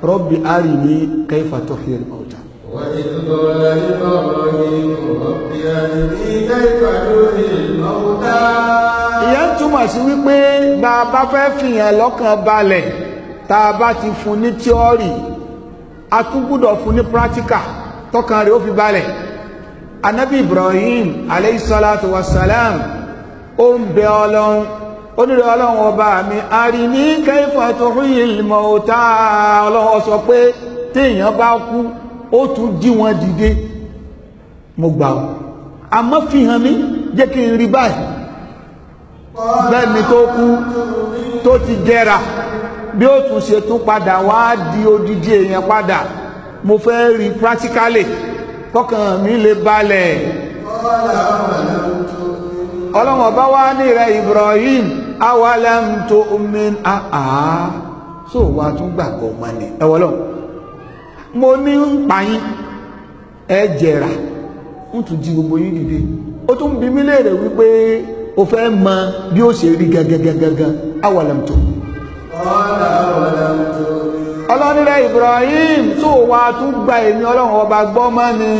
rọ́bì arìní kẹfà tọ́hìrì ọ̀tá. wà á ní tó lọ́la ní ọ̀rọ̀ yìí rọ́bì arìní kẹfà lórí ìyẹn túmọ̀ sí wípé bá a bá fẹ́ fìyàn lọ́kàn balẹ̀ tá a bá ti fún ní tíọ́rì a tún gbúdọ̀ fún ní pírátíkà tọkàn rẹ̀ ó fi balẹ̀ anabi ibrahim aleyhisalatu wasalam ó ń bẹ ọlọ́run ó nílò ọlọ́run ọba mi arini kayfa tuhil mauta ọlọ́run sọ pé téèyàn bá kú ó tún jí wọn dìde mo gbà ọ́ àmọ́ fi hàn mí jẹ́ kí n rí báyìí bẹ́ẹ̀ni tó kú tó ti jẹrà bí ó tún ṣe tún padà wá di odidi èèyàn padà mo fẹ́ rí practically kọ́kàn mi lè balẹ̀ ọlọ́wọ̀n bá wá ní rẹ̀ Ibrahim awalam tu'min àá ah, ah. so wà tún gbàgbọ́ ọmọ ni ẹwọ́ mo ní ń pa yín ẹ jẹrà ń tún jí gbogbo yín dìde ó tún bí mí léèrè wípé o fẹ́ mọ bí ó ṣe rí gẹ́gẹ́gẹ́gẹ́ awàlẹ̀mtò. ọlọ́nilẹ̀ Ibrahim tó wà tún gba èmi ọlọ́run ọba gbọ́ mọ́ ni.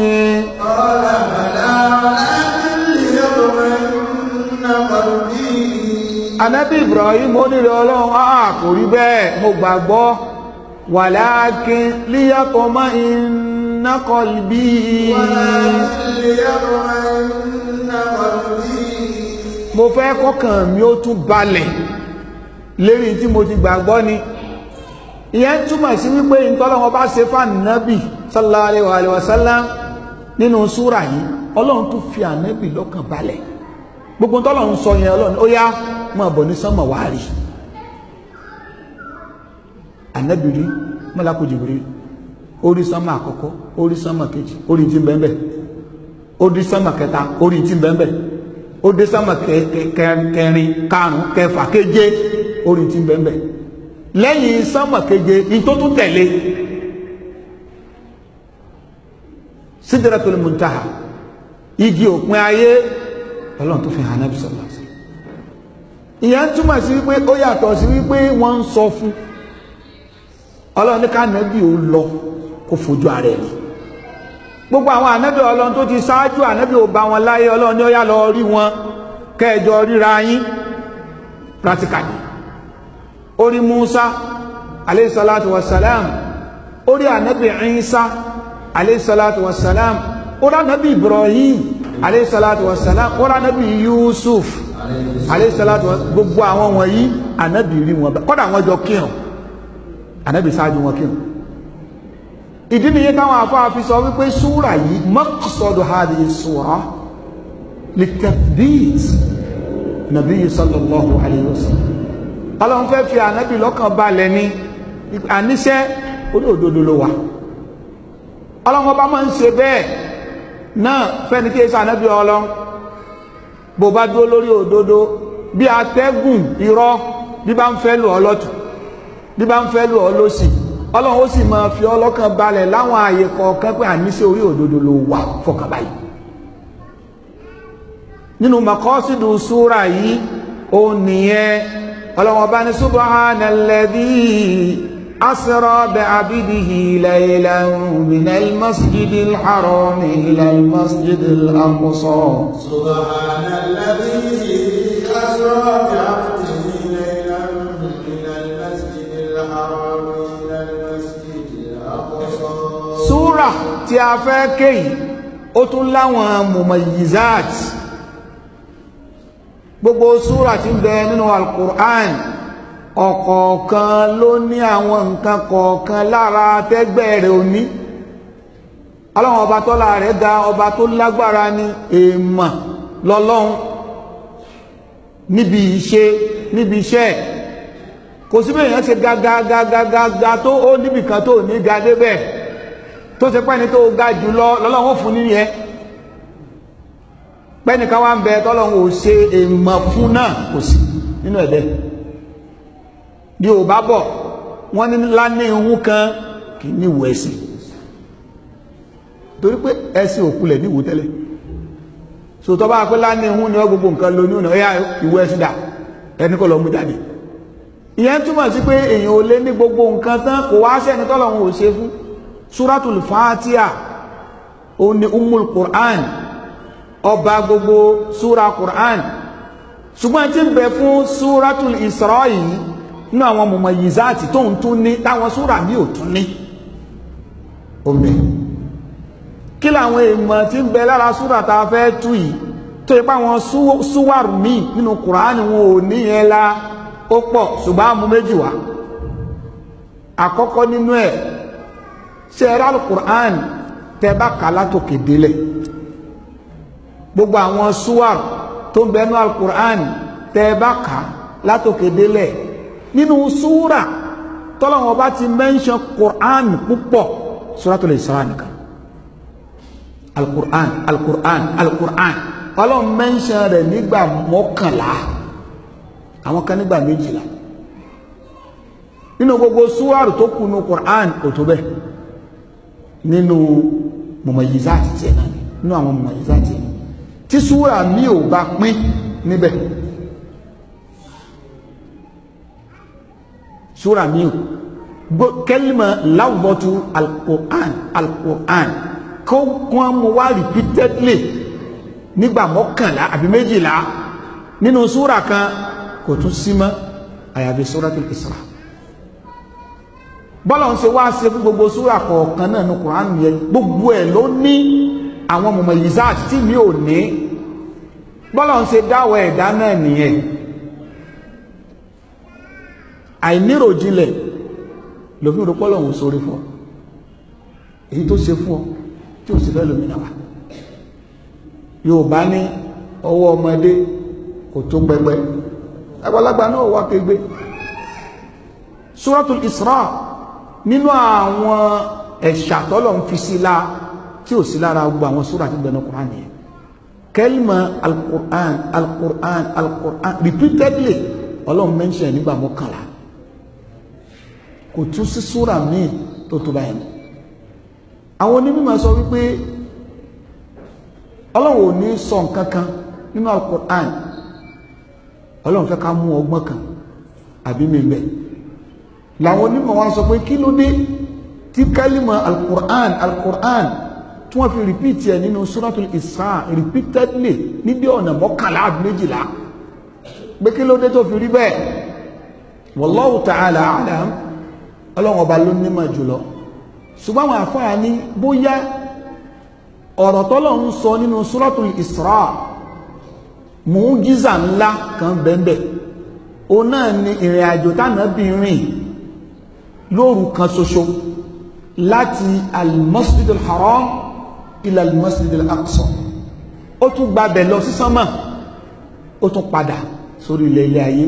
anabi Ibrahim ó nílò ọlọ́run a kò rí bẹ́ẹ̀ mo gbàgbọ́ wàlákin líyàtọ̀ mọ́ iná kọlbí. wàlákin mo fẹ́ kọ́kàn mi ó tún balẹ̀ lérí tí mo ti gbàgbọ́ ni ìyẹn túmọ̀ sí wípé ìtọ́lọ́wọ́ bá ṣe fànàbì sallallahu nínú súra yìí ọlọ́run tún fi ànẹ́bì lọ́kàn balẹ̀ gbogbo tọ́lọ́run sọ yẹn ọlọ́run ó yá bọ̀ ó dé sánmà kẹta orí ti bẹ́ẹ̀ ó dé sánmà kẹrin karùn kẹfà keje orí ti bẹ́ẹ̀ lẹ́yìn sánmà keje ní tó tún tẹ̀lé Sidratul Muntaha igi òpin ayé ọlọ́run tó fi hàn náà sọ̀rọ̀ ìyẹn túmọ̀ sí wípé ó yàtọ̀ sí wípé wọ́n ń sọ fún ọlọ́run ní ká nàbí ò lọ kó fojú ara ẹ̀ lọ gbogbo àwọn ànábì ọlọ́run tó ti ṣáájú ànábì ò bá wọn láyé ọlọ́run ní ó yá lọ rí wọn kẹjọ ríra yín practically orí Musa aleyhisalatu wasalam orí ànábì Isa aleyhisalatu wasalam orí ànábì Ibrahim aleyhisalatu wasalam orí ànábì Yusuf aleyhisalatu wasalam gbogbo àwọn wọ̀nyí ànábì rí wọn kọ́dà wọn jọ kírun ànábì ṣáájú wọn kírun ìdí nìyẹn táwọn àfáà fi sọ wípé súrà yìí maqsadu hadhihi súrà li tathbit nàbí sallallahu alayhi wa sallam ọlọ́run fẹ́ fi ànábì lọ́kàn balẹ̀ ni àníṣẹ́ olóòdodo ló wà ọlọ́run ọba máa ń ṣe bẹ́ẹ̀ náà fẹ́ni tí èso ànábì ọlọ́run bó bá dúró lórí òdodo bí atẹ́gùn irọ́ bí bá ń fẹ́ lù ọ lọ́tù bí bá ń fẹ́ lù ọ lọ́sì ọlọ́run ó sì máa fi ọlọ́kàn balẹ̀ láwọn ààyè kọ̀ọ̀kan pé àníṣe orí òdodo ló wà fọkàn báyìí nínú maqasidu súra yìí ó nìyẹn ọlọ́run ọba ní subhanalladhi asra bi'abdihi laylan minal masjidil haram ilal masjidil aqsa subhanalladhi asra bi'abdihi. tí a fẹ́ kéyìí ó tún láwọn mumayizat gbogbo súra tí ń bẹ nínú al-Qur'an ọ̀kọ̀ọ̀kan ló ní àwọn nǹkan kọ̀ọ̀kan lára tẹ́gbẹ́ rẹ̀ òní ọlọ́run ọba tọ́lá rẹ̀ ga ọba tó lágbára ní èèmọ̀ lọ́lọ́run níbi ìṣe níbi iṣẹ́ kò síbẹ̀ èèyàn ṣe gagagagagaga tó ṣe pẹ́ni tó ga jù lọ lọ́lọ́run fún nínú yẹn pẹ́nìkan wá ń bẹ tọ́lọ́run ò ṣe èèmọ̀ fún náà kò sí nínú ẹ̀dẹ́ bí ò bá bọ̀ wọ́n ní lánàá ihun kan kì í níwò ẹ̀sìn torí pé ẹ̀sìn òkulẹ̀ níwò tẹ́lẹ̀ sòtọ́ bá pé lánàá ihun ni wọ́n gbogbo nǹkan lọ ní ọ̀nà ẹ̀yà ìwé ẹ̀sìn dà ẹni kọ́ lọ mú jáde ìyẹn túmọ̀ sí pé èèyàn ò lé ní gbogbo nǹkan tán kò wá sẹ́ni tọ́lọ́run ò ṣe fún suratul fatiha òun ni umul quran ọba gbogbo sura quran ṣùgbọ́n tí ń bẹ fún suratul isra yìí nínú àwọn mọ̀mọ̀ yìí záàtì tóun tún ní táwọn sura mi ò tún ní omi kí làwọn èèmọ̀ tí ń bẹ lára súrà tá a fẹ́ tú yìí tó ipá wọn súwàrù míì nínú kùránì wọn ò ní yẹn la ó pọ̀ ṣùgbọ́n àmú méjì wá àkọ́kọ́ nínú ẹ̀ sẹ́ẹ̀rẹ́ alukur'an tẹ́ bá kà látòkè délẹ̀ gbogbo àwọn suwar tó ń bẹnu alukur'an tẹ́ bá kà látòkè délẹ̀ nínú súra tọ́lọ́wọ́n bá ti mẹ́ńṣán kur'an púpọ̀ suratul Isra nìkan alukur'an alukur'an alukur'an ọlọ́run mẹ́ńṣán rẹ̀ nígbà mọ́kànlá àwọn kan nígbà méjìlá nínú gbogbo suwar tó kù kur'an kò bẹ́ẹ̀ nínú mọ̀mọ̀yìzá àti tiẹ̀ náà nínú àwọn mọ̀mọ̀yìzá tiẹ̀ tí súwúrà mi ò bá pín níbẹ̀ súwúrà mi ò kẹ́lìmọ̀ láwùbọ́tú alquran alquran kó wọ́n mú wá repeatedly nígbà mọ́kànlá àbí méjìlá nínú súwúrà kan kò tún sí àyàfi súwúrà tó Isra bọ́lọ̀n ṣe wá ṣe fún gbogbo súrà kọ̀ọ̀kan náà ní Quran yẹn gbogbo ẹ̀ ló ní àwọn mọ̀mọ̀ yìzáàt tí mi ò ní bọ́lọ̀n ṣe dáwọ̀ ẹ̀dá náà nìyẹn àìníròjinlẹ̀ lòfin rò pọ́lọ̀n sórí fún ọ èyí tó ṣe fún ọ tí ò sì fẹ́ lómìnà wà Yorùbá ní ọwọ́ ọmọdé kò tó gbẹgbẹ àgbàlagbà náà wá kegbe Suratul Isra' nínú àwọn ẹ̀ṣà tọ́lọ̀ ń fi sí la tí ò sí lára gbogbo àwọn súrà tí gbẹ̀nà Qur'an yẹn kẹ́lìmọ̀ al-Qur'an al-Qur'an al-Qur'an repeatedly ọlọ́run mention nígbà mọ́kànlá kò tún sí súrà míì tó tó báyìí àwọn onímọ̀ sọ wípé ọlọ́run ò ní sọ nǹkan kan nínú al ọlọ́run fẹ́ ká mú ọgbọ́n kan àbí mi bẹ́ẹ̀ làwọn onímọ̀ wa sọ pé kí ló dé tí kálímà alukur'an alukur'an tí wọ́n fi rìpíìtì ẹ̀ nínú suratul isra repeatedly níbi ọ̀nà mọ́kànlá àbí méjìlá pé kí ló dé tó fi rí bẹ́ẹ̀ wallahu ta'ala alam ọlọ́run ọba ló nímọ̀ jùlọ ṣùgbọ́n àwọn àfáà ní bóyá ọ̀rọ̀ tọ́lọ̀ ń sọ nínú suratul isra mú gíza ńlá kan bẹ́ẹ̀ bẹ́ẹ̀ òun náà ni ìrìn àjò tánà bí rìn lóru kan ṣoṣo láti al haram ila al-masjid al-aqsa ó tún gbabẹ̀ lọ sí sánmà ó tún padà sórí ilẹ̀ ilẹ̀ ayé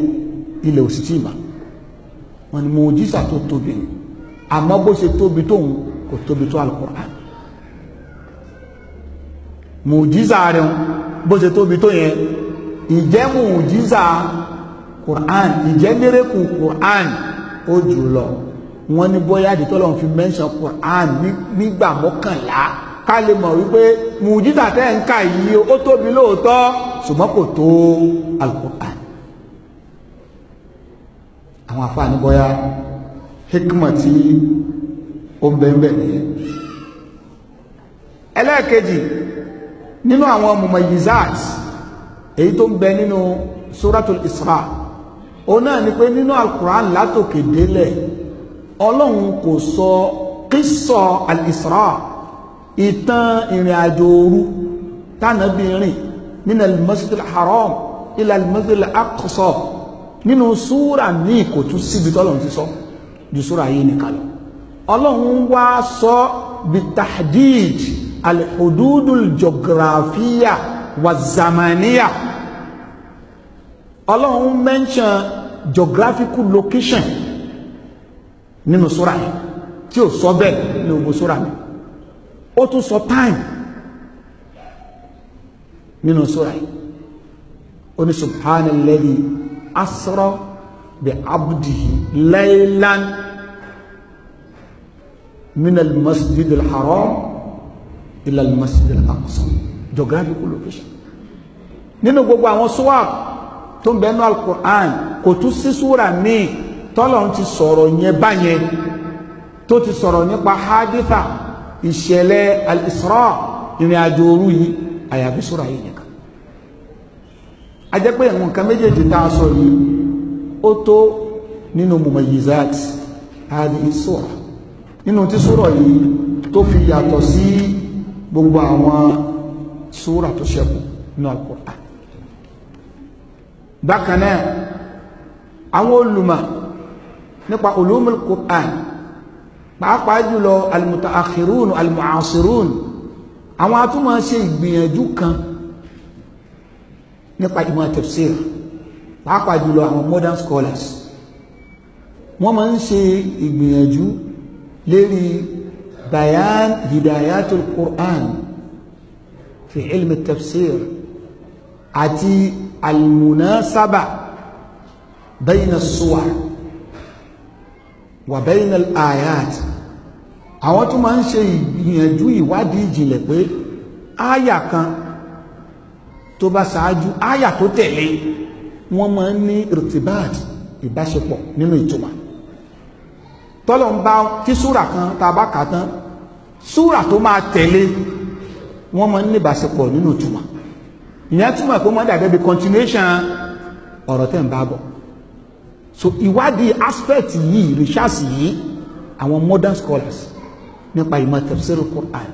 ilẹ̀ òsì tí ìmà wọn ni mùjísà tó tóbi àmọ́ bó ṣe tóbi tóun kò tóbi tó al-Qur'an mùjísà rẹ̀ bó ṣe tóbi tó yẹn ìjẹ́ mùjísà Qur'an ìjẹ́ mérekù Qur'an ó jù lọ wọ́n ní bóyá àdìtọ́lọ́ fi mẹ́ńsàn Quran nígbà mọ́kànlá ká lè mọ̀ wípé mùjísà tẹ́ ń kà yìí ó tóbi lóòótọ́ ṣùgbọ́n kò tó alukur'an àwọn àfààní bóyá hikma tí ó ń bẹ́ẹ̀ bẹ́ẹ̀ nìyẹn ẹlẹ́ẹ̀kejì nínú àwọn mumayizat èyí tó ń bẹ nínú suratul Isra òun náà ni pé nínú alukur'an látòkè délẹ̀ ọlọ́run kò sọ kísọ al-Isra ìtàn ìrìn àjò òru tánàbí rìn nínú al-Masjidil Haram ila al-Masjidil Aqsa nínú súrà míì kò tún síbi tọ́lọ́run ti sọ ju súrà yìí nìkan ọlọ́run wá sọ bitahdid al-hududul jografiya wa zamaniya ọlọ́run mention geographical location nínú súra yìí tí ò sọ bẹ́ẹ̀ ní gbogbo súra mi ó tún sọ time nínú súra yìí ó ní subhanalladhi asra bi abdihi laylan min al-masjid al-haram ila al-masjid geographical location nínú gbogbo àwọn súra tó ń bẹ kò tún sí súra míì tọ́lọ́run ti sọ̀rọ̀ yẹn báyẹn tó ti sọ̀rọ̀ nípa haditha ìṣẹ̀lẹ̀ al-isra ìrìn àjò òru yìí àyàfi sura yìí nìkan a jẹ́ pé àwọn nǹkan méjèèjì tá a sọ yìí ó tó nínú mumayizat hadhihi sura nínú tí sura yìí tó fi yàtọ̀ sí gbogbo àwọn sura tó ṣẹ́kù nínú al-Qur'an àwọn olùmọ̀ nípa ulumul Qur'an pàápàá jùlọ al-mutaakhirun al-mu'asirun àwọn atúmọ̀ ṣe ìgbìyànjú kan nípa ìmọ̀ tafsir pàápàá jùlọ àwọn modern scholars wọ́n máa ń ṣe ìgbìyànjú lérí bayan hidayatul Qur'an fi ilmi tafsir àti almunasaba bayna suwar wà bẹ́yìn ayat àwọn tó máa ń ṣe ìgbìyànjú ìwádìí ìjìnlẹ̀ pé áyà kan tó bá ṣáájú áyà tó tẹ̀lé wọ́n máa ń ní irtibat ìbáṣepọ̀ nínú ìtumọ̀ tọ́lọ̀ ń bá kí súrà kan tá a bá kà tán súrà tó máa tẹ̀lé wọ́n máa ń ní ìbáṣepọ̀ nínú ìtumọ̀ ìyẹn túmọ̀ pé wọ́n dàgẹ́ bí continuation ọ̀rọ̀ tẹ̀ ń bá bọ̀ so ìwádìí aspect yìí research yìí àwọn modern scholars nípa ìmọ̀ tafsir Qur'an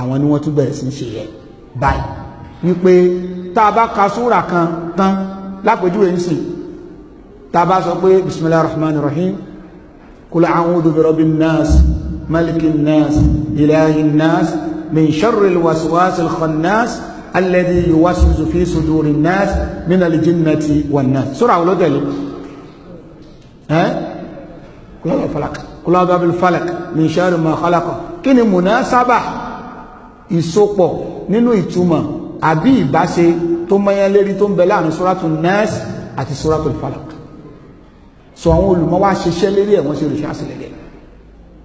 àwọn ni wọ́n tún bẹ̀rẹ̀ sí ṣe yẹ báyìí wípé tá a bá ka súra kan tán lápèjúwe nísìn tá a bá sọ pé bisimilahi rahman rahim kul a'udhu bi rabbin nas malikin nas ilahin nas min sharril waswasil khannas alladhi yuwaswisu fi sudurin nas min jinnati wan súra wo ló kúlọ́dọ̀ falak kúlọ́dọ̀ bí falak min sharri ma khalaqa kí ni munasaba ìsopọ̀ nínú ìtumọ̀ àbí ìbáṣe tó mọ́yán lérí tó ń bẹ láàrin suratu nas àti suratu falak sọ àwọn olùmọ̀ wá ṣiṣẹ́ lérí ẹ̀ wọ́n ṣe olùṣẹ́ àṣìlẹ̀ rẹ̀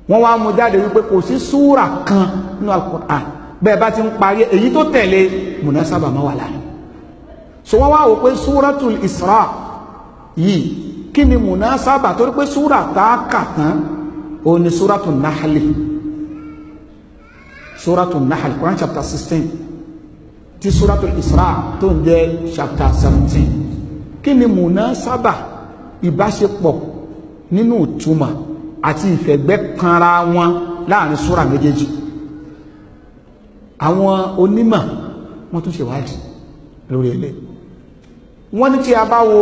wọ́n wá mú jáde wípé kò sí súrà kan nínú al-Qur'an bẹ́ẹ̀ ti ń parí èyí tó tẹ̀lé munasaba máa wà láàrin so wọ́n wá wò pé suratul Isra yìí kí ni munasaba torí pé súrà tá a kà tán òun ni súràtù nahali súràtù nahali Quran chapter sixteen ti súràtù isra tó ń chapter seventeen kí ni munasaba ìbáṣepọ̀ nínú ìtumọ̀ àti ìfẹ̀gbẹ́ kanra wọn láàrin súrà méjèèjì àwọn onímọ̀ wọ́n tún ṣèwádìí lórí ilé wọ́n ní tí a bá wo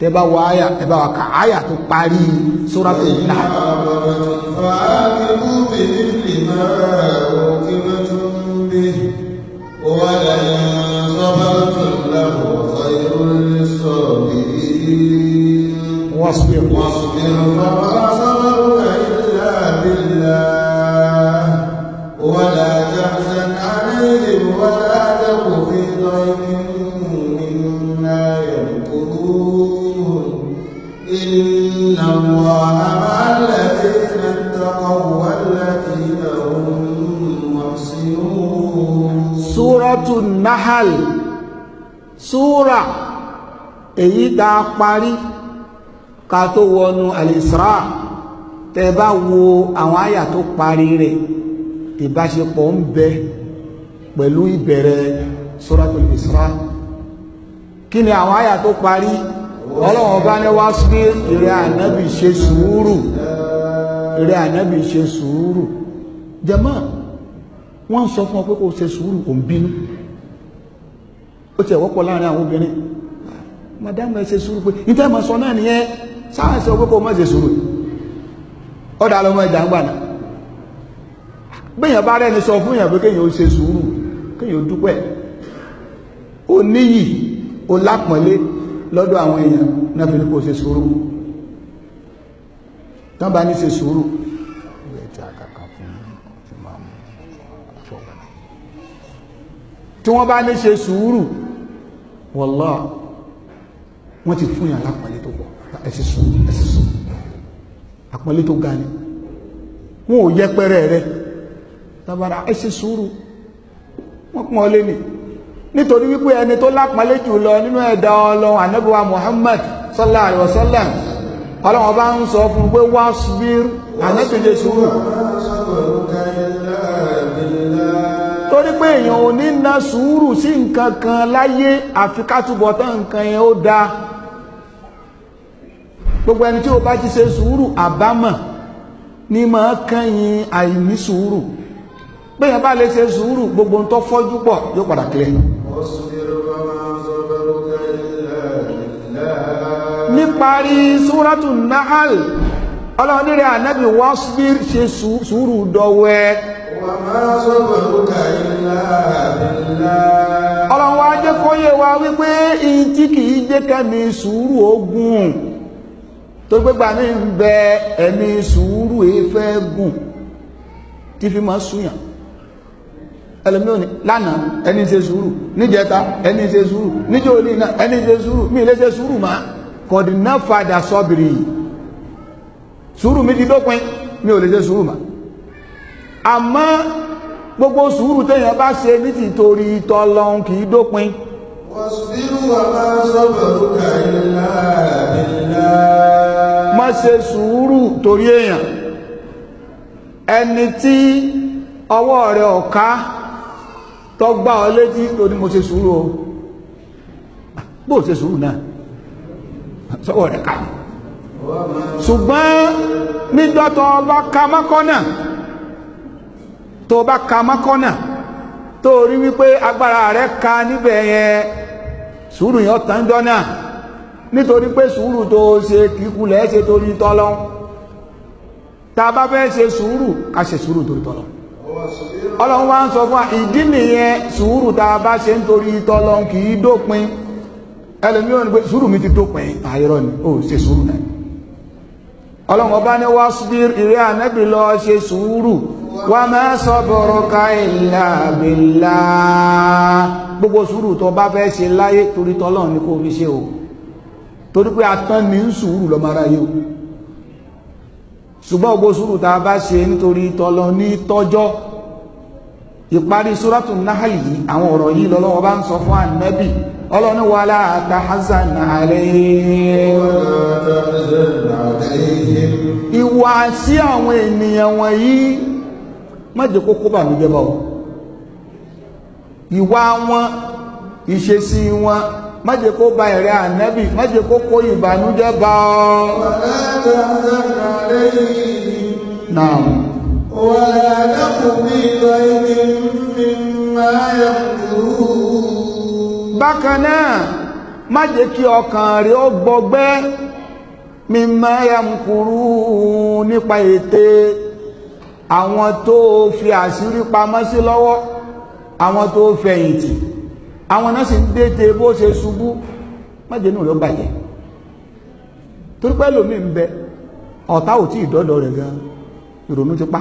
tẹ bá wọ àyà tẹ bá wọ ká àyà tó parí sóràtò ìlà. wọ́n sọ wọ́n sọ wọ́n sọ èyí tá a parí ká tó wọnú al-Isra tẹ bá wo àwọn àyà tó parí rẹ̀ ìbáṣepọ̀ ń bẹ pẹ̀lú ìbẹ̀rẹ̀ suratul Isra kí ni àwọn àyà tó parí ọlọ́wọ́n bá ní wá sí ìrẹ́ ànábì ṣe sùúrù ìrẹ́ ànábì ṣe sùúrù jàmá wọ́n sọ fún ọ pé kò ṣe sùúrù kò ń bínú ó ti ẹ̀wọ́pọ̀ láàrin àwọn obìnrin Madame ẹ ṣe sùúrù pé níta ẹ̀ mọ̀ sọ náà nìyẹn sáà ẹ̀ sọ pé kó o má ṣe sùúrù ọ̀dà lọ́mọ ẹ̀dá ń gbà náà gbẹ̀yàn bá rẹ́ni sọ fún èèyàn pé kéèyàn ó ṣe sùúrù kéèyàn ó dúpẹ́ ó níyì ó lápọ̀nlé lọ́dọ̀ àwọn èèyàn náà fi ní kó ṣe sùúrù tán bá ní ṣe sùúrù tí wọ́n bá ní ṣe sùúrù wallahi wọ́n ti fún yàn lápàlẹ tó pọ̀ ẹsì sùn ẹsì sùn àpọ́nlé tó ga ni wọn ò yẹpẹrẹ rẹ tabara ẹsì sùúrù wọ́n pọ́n lé ni nítorí wípé ẹni tó lápàlẹ jù lọ nínú ẹ̀dá Ọlọ́run anabiwa Muhammad sallallahu alaihi wasallam Ọlọ́run bá ń sọ fún pé wá subir ànátúnjẹ sùúrù torí pé èèyàn ò ní na sùúrù sí nǹkan kan láyé àfi ká túbọ̀ tán nǹkan yẹn ó dáa gbogbo ẹni tí o bá ti ṣe sùúrù àbámọ̀ ní máa kẹ́yìn àìní sùúrù bẹ́yàn bá lè ṣe sùúrù gbogbo ń tọ́ fọ́jú pọ̀ yóò padà kílẹ̀ níparí súrátù nahal ọlọ́run nílẹ̀ ànábì wasbir ṣe sùúrù dọ̀wẹ́ ọlọ́run wá jẹ́ kó yé wa wípé ìyí tí kìí jẹ́ kẹ́mi sùúrù ogun torí pé gbà mí ń bẹ ẹ̀mí sùúrù ìfẹ́ gùn tí fi máa súyàn ẹlẹ́mí òní lánàá ẹni ṣe sùúrù níjẹta ẹni ṣe sùúrù níjọ òní iná ẹni ṣe sùúrù mí ilé ṣe sùúrù máa kọ̀dì fàdà sọ́bìrì sùúrù mi ti dópin mi ò lè ṣe sùúrù máa àmọ́ gbogbo sùúrù téèyàn bá ṣe ní ti torí tọlọ́hun kì í dópin. wọ́n sì bí wọ́n máa sọ̀rọ̀ kàrí láàbí ṣe sùúrù torí èèyàn ẹni tí ọwọ́ rẹ̀ ọ̀ká tó gbá ọ létí tó ní mo ṣe sùúrù o bó ṣe sùúrù náà sọ́wọ́ rẹ̀ ká ṣùgbọ́n nígbàtọ̀ bá ka tó bá ka tó rí wípé agbára rẹ̀ ka níbẹ̀ yẹn sùúrù yẹn ọ̀tàn jọ náà nítorí pé sùúrù tó ṣe kíkulẹ̀ ṣe torí tọ́lọ́n tá a bá fẹ́ ṣe sùúrù ká ṣe sùúrù torí tọ́lọ́n ọlọ́run wá ń sọ fún wa ìdí nìyẹn sùúrù tá a bá ṣe ń torí tọ́lọ́n kì í dópin ẹlòmí ò ní pé sùúrù mi ti dópin àìrọ ah, ni ó ṣe sùúrù náà ọlọ́run ọba ní wá ṣubír ìrẹ́ ànẹ́bì lọ ṣe sùúrù wà máa sọ bọ̀rọ̀ ká ìlà bìlà gbogbo sùúrù tó bá fẹ́ ṣe láyé torí tọ́lọ́run ni kò fi ṣe o torí pé atán ní sùúrù lọ́mọ aráyé o ṣùgbọ́n gbogbo sùúrù tá a bá ṣe nítorí tọlọ ní tọ́jọ́ ìparí sóràtù náhàlì yìí àwọn ọ̀rọ̀ yìí lọ́lọ́wọ́ bá ń sọ fún ànábì ọlọ́ni wà láàtà hasan ìwà ìṣesí wọn má jẹ́ kó ba ẹ̀rẹ́ ànábì má jẹ́ kó kó ìbànújẹ́ bá ọ. Naam. Wàlá dákùnmí lọ ibi mímá yà kúrú. Bákan náà, má jẹ́ kí ọkàn rẹ̀ ó gbọgbẹ́ mímá yà nípa ète àwọn tó fi àṣírí pamọ́ sí lọ́wọ́ àwọn tó fẹ̀yìntì àwọn náà sì ń dédé bó ṣe ṣubú mọ́jẹ̀ náà ló bàjẹ́ torí pé lómi ń bẹ ọ̀tá ò tí ìdọ́dọ̀ rẹ̀ gan ìrònú ti pa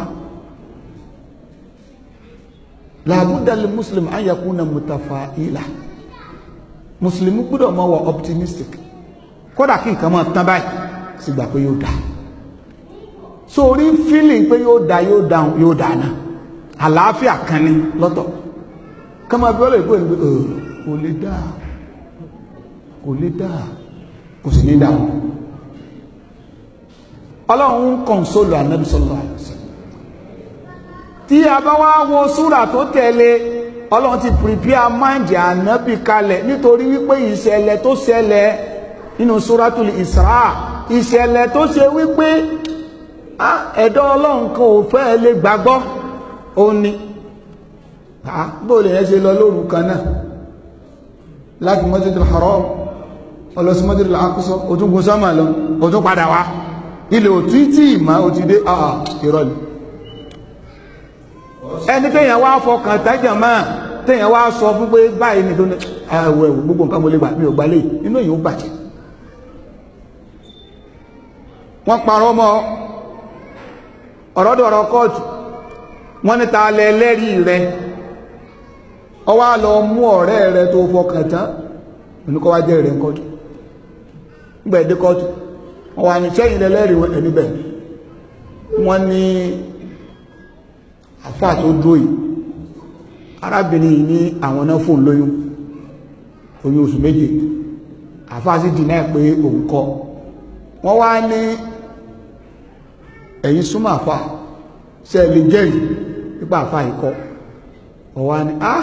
làbúdàlì muslim ayakuna mutafa ilà mùsùlùmí gbọ́dọ̀ mọ́ wọ optimistic kódà kí nǹkan máa tán báyìí sì gbà pé yóò dá so orí feeling pé yóò dá yóò dáhùn yóò dáná àlàáfíà kan ní lọ́tọ̀ọ́ ká máa bí ọlẹ́ ìbò ẹ̀ ní pé kò lè dáa kò lè dáa kò sì ní dáa ọlọ́run ń kọ̀nsólù ànábì tí a bá wá wo súrà tó tẹ̀lé ọlọ́run ti pìrìpìà máìndì ànábì kalẹ̀ nítorí wípé ìṣẹ̀lẹ̀ tó ṣẹlẹ̀ nínú súrátùlì Isra ìṣẹ̀lẹ̀ tó ṣe wípé ah, ẹ̀dọ́ ọlọ́run kan ò fẹ́ lè gbàgbọ́ òun ni àá bóòlù yẹn ṣe lọ lóru kan náà láti mọ́tìdìl haram ọlọ́sí mọ́tìdìl akúsọ òtún gun sọ́mà lọ òtún padà wá ilẹ̀ òtún tí ìmá ó ti dé àà ah, ah, irọ́ ni ẹni tẹ́yàn wá fọkàn tájà máa tẹ́yàn wá sọ fún pé báyìí ni tó ní àwọ̀ ah, ẹ̀wọ̀ gbogbo nǹkan mo lè gbà mí ò gbalẹ̀ inú èyí ó bàjẹ́ wọ́n parọ́ mọ́ ọ̀rọ̀dọ̀rọ̀ kóòtù wọ́n ní ta lẹ́lẹ́rìí rẹ̀ ọ wá lọ mú ọ̀rẹ́ rẹ tó fọkàn tán olùkọ́ wá jẹ́ rẹ̀ ń kọ́tù gbẹ̀ dé kọ́tù ọwọ́ àmì sẹ́yìn lẹ́lẹ́rìí ẹni bẹ̀ wọ́n ní àfáà tó dúró yìí arábìnrin yìí ní àwọn náà fún lóyún oyún oṣù méje àfáà sì dì náà pé òun kọ́ wọ́n wá ní ẹ̀yin súnmọ́ àfáà ṣe jẹ́rìí nípa àfáà yìí kọ́ ọwọ́ á ní ah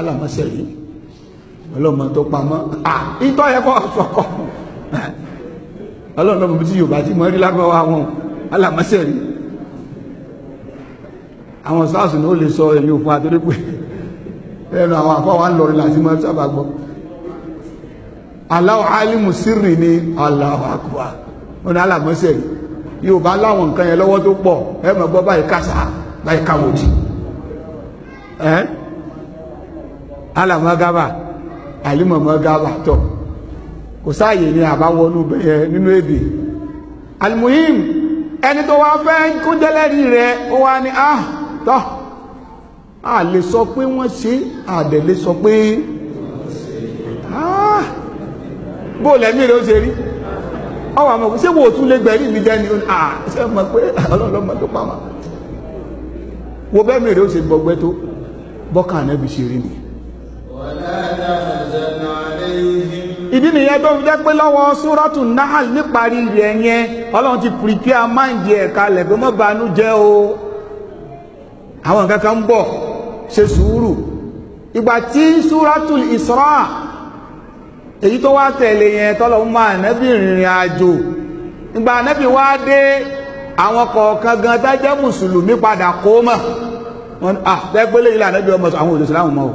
alámọ̀sẹ̀ yìí ọlọ́mọ tó pamọ́ à ìtọ́ yẹ kọ́ sọ̀kọ́ ọlọ́run náà bọ̀ tí yorùbá ti mọ̀ rí lágbàwọ̀ àwọn alámọ̀sẹ̀ yìí àwọn sars ní ó lè sọ èyí òfin àtòrí ẹnu àwọn àfọwà ń lọrin láti máa sábà gbọ́ Allahu alimu sirri ni Allahu akbar wọn ni alámọ̀sẹ̀ yìí yorùbá láwọn nǹkan yẹn lọ́wọ́ tó pọ̀ ẹ mọ̀ gbọ́ báyìí kásá báyìí káwòdì ẹ́ alamagaba alimamagaba tọ kò sáàyè ni àbáwọnú bẹyẹ nínú èdè alimuhim ẹni tó wá fẹ́ kó jẹ́lẹ́rìí rẹ ó wá ní ah tọ́ a lè sọ pé wọ́n ṣe àdẹ̀ lè sọ pé ah bó lẹ́mí rẹ ó ṣe rí ọwọ́ àmọ́ ṣé wo tún lè gbẹ̀rí mi jẹ́ ni ah ṣé mọ̀ pé ọlọ́lọ́mọ tó pa wọ́n wo bẹ́ẹ̀ mi rẹ ó ṣe gbọgbẹ́ tó bọ́kà ṣe rí ni ìdí nìyẹn tó fi jẹ́ pé lọ́wọ́ súrọ́tù Nahl níparí rẹ̀ yẹn ọlọ́run ti pìrìkí a máa ń di ẹ̀ka lẹ̀ pé mọ́ banú jẹ́ o àwọn nǹkan kan ń bọ̀ ṣe sùúrù ìgbà tí súrọ́tù Isra èyí tó wá tẹ̀lé yẹn tọ́lọ̀ ń máa nẹ́bí rìnrìn àjò ìgbà nẹ́bí wá dé àwọn kọ̀ọ̀kan gan tá jẹ́ mùsùlùmí padà kó mọ̀ wọn à tẹ́gbélé ah, ilé ànẹ́bí ọmọ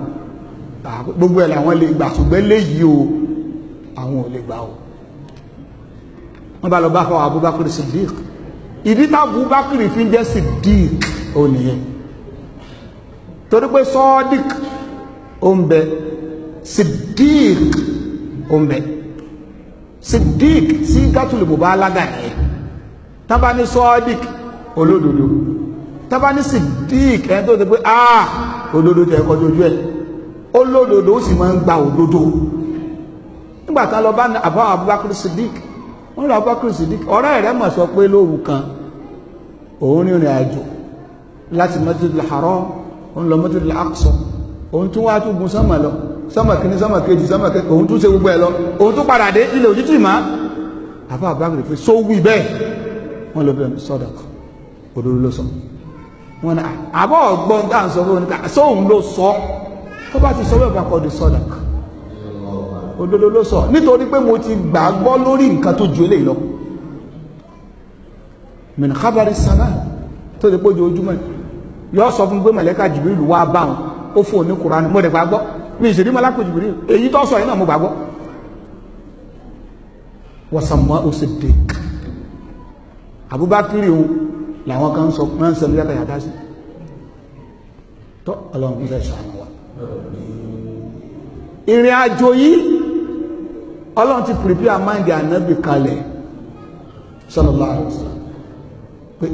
gbà gbogbo ẹ̀ làwọn lè gbà ṣùgbọ́n léyìí o àwọn ò lè gbà o wọ́n bá lọ bá fọwọ́ Abubakar Siddiq ìdí tá Abubakar fi ń jẹ́ Siddiq ò nìyẹn torí pé sọ́ọ́dík ó ń bẹ Siddiq ó ń bẹ Siddiq sí gátùlù mùbálágà ẹ̀ tábà ní sọ́ọ́dík olódodo tábà ní Siddiq ẹ̀ tó ti pé ah olódodo tẹ̀ kọjú ojú ẹ̀ ó lódodo ó sì máa ń gba òdodo nígbà tá a lọ bá àbá Abubakar Siddiq wọn lọ Abubakar Siddiq ọ̀rẹ́ rẹ̀ mọ̀ sọ pé lóru kan òun rìnrìn àjò láti Masjidil Haram òun lọ Masjidil Aqsa òun tún wá tún gun sánmà lọ sánmà kìíní sánmà kejì sánmà kejì òun tún ṣe gbogbo ẹ lọ òun tún padà dé ilẹ̀ òjì tì àbá àbáwìrì pé so wí bẹ́ẹ̀ lọ bẹ̀rẹ̀ sọ́dọ̀ òdodo ló sọ wọn ni àbọ̀ tá à ń sọ fún un ká sóun ló sọ tó bá ti sọ wẹ́ẹ̀ fàkọ̀dù sọ̀dà òdodo ló sọ nítorí pé mo ti gbàgbọ́ lórí nǹkan tó ju eléyìí lọ min khabari sama tó lè pójú ojúmọ́ yọ sọ fún pé mọ̀lẹ́ka jìbìrì wá bá wọn ó fún òní kùránì mo lè gbàgbọ́ mi ìṣèlú mọ́lákò jìbìrì èyí tó sọ yìí náà mo gbàgbọ́ wasamma osiddiq abubakar o làwọn kan sọ máa ń sọ ní yàtọ̀ yàtọ̀ sí tó ọlọ́run kúrẹ́ sọ àwọn wa ìrìn àjò yìí ọlọ́run ti prepare mind ànábì kalẹ̀ sallallahu alaihi wasallam pé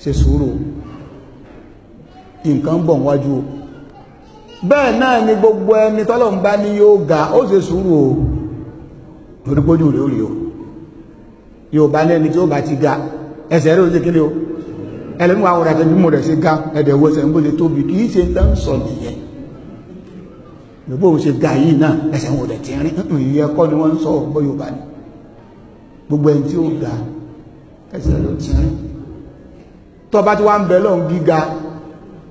ṣe sùúrù nǹkan bọ̀ wájú bẹ́ẹ̀ náà ni gbogbo ẹni tọ́lọ́run bá ní yóò ga ó ṣe sùúrù o torí pójú rẹ̀ ó rí o yóò bá lẹ́ni tí ó bá ti ga ẹsẹ̀ rẹ̀ ó ṣe kílé o ẹlẹ́nu àwọn ọ̀rẹ́ àtẹ̀bímọ̀ rẹ̀ ṣe ga ẹ̀dẹ̀wọ̀ ẹsẹ̀ ń bó ṣe tóbi kì í ṣe tán sọ nìyẹn lóbó ò ṣe ga yìí náà ẹsẹ̀ wọn ò dẹ̀ ti rìn nǹkan ìyẹn kọ́ ni wọ́n ń sọ ọ̀gbọ́ yorùbá ni gbogbo ẹni tí ó ga ẹsẹ̀ ló ti rìn tó bá ti wá ń bẹ lọ́hùn gíga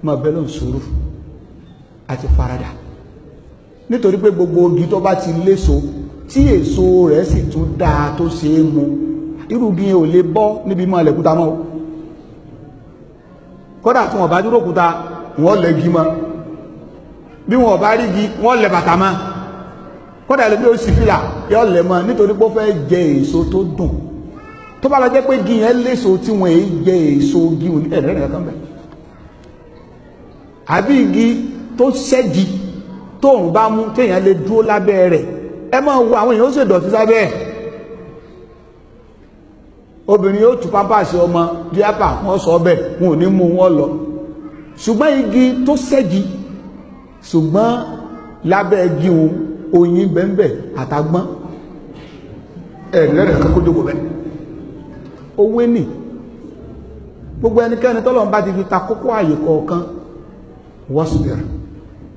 máa bẹ lọ́hùn sùúrù àti faradà nítorí pé gbogbo ogi tó bá ti léso tí èso rẹ̀ sì tún dáa tó ṣe é mu irúgbìn ò lè bọ́ níbi mọ́ ẹlẹ́kúta mọ́ kódà tí wọ́n bá dúró kúta wọ́n lẹ́gí mọ́ bí wọn ò bá rí igi wọn lẹ bàtà mọ́ kódà lóbi ó sì fìlà yọ lẹ mọ́ nítorí pé ó fẹ́ jẹ èso tó dùn tó bá lọ jẹ́ pé igi yẹn léso tí wọ́n èyí jẹ èso igi òní ẹ̀rẹ́rẹ́ kan bẹ̀ àbí igi tó ṣẹ́gi tóun bá mú téèyàn lè dúró lábẹ́ rẹ̀ ẹ máa wo àwọn èèyàn ó sì dọ̀tí sábẹ́ ẹ̀ obìnrin yóò tú pampasì ọmọ díápà wọn sọ ọbẹ̀ wọn ò ní mú wọn lọ ṣùgbọ́n igi tó ṣẹ́gi ṣùgbọ́n lábẹ́ igi òun oyin bẹ́ńbẹ́ àtàgbọ́n ẹ̀ lẹ́rẹ̀ kan kó dógò bẹ́ẹ̀ owó nì gbogbo ẹnikẹ́ni tọ́lọ́run bá ti fi ta kókó àyè kọ̀ọ̀kan wasbir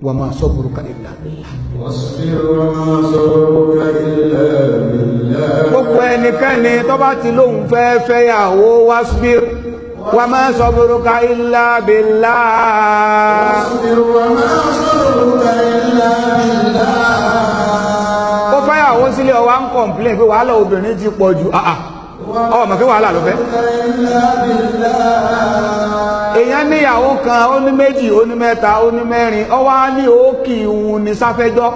wa ma sabruka illa billah wasbir wa ma sabruka illa billah gbogbo ẹnikẹ́ni tó bá ti lóun fẹ́ fẹ́yàwó wasbir وما صبرك إلا بالله ó fẹ́yàwó sílé ọwá ń kọ̀m̀plẹ̀ pé wàhálà obìnrin ti pọ̀ jù àà ah, ọwọ́ ah. mọ̀ pé wàhálà ló fẹ́ èyàn níyàwó kan ó ní méjì ó ní mẹ́ta ó ní mẹ́rin ó wá ní òkì ìhun ní sáfẹ́jọ́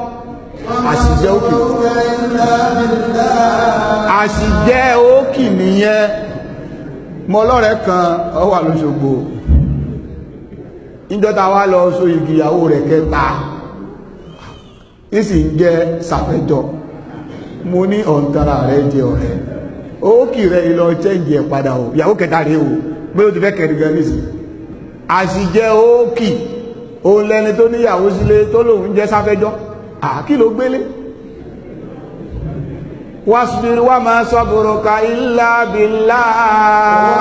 àṣìjẹ́ òkì àṣìjẹ́ òkì nìyẹn mo lọ́rẹ̀ kan ó wà lóṣogbo níjọ́ta wá lọ so igi ìyàwó rẹ̀ kẹta ìsì ń jẹ́ sàfẹ́jọ mo ní ọ̀ǹtara rẹ̀ jẹ ọ̀rẹ́ ó kì rẹ̀ ilọ̀ chẹ́ǹjì ẹ̀ padà o ìyàwó kẹta rẹ̀ o pé ó ti fẹ́ kẹrin gan nísì àṣìjẹ́ ó kì òun lẹni tó níyàwó sílé tó lòun jẹ́ sáfẹ́jọ́ àkìló gbélé واصبر وما صبرك إلا بالله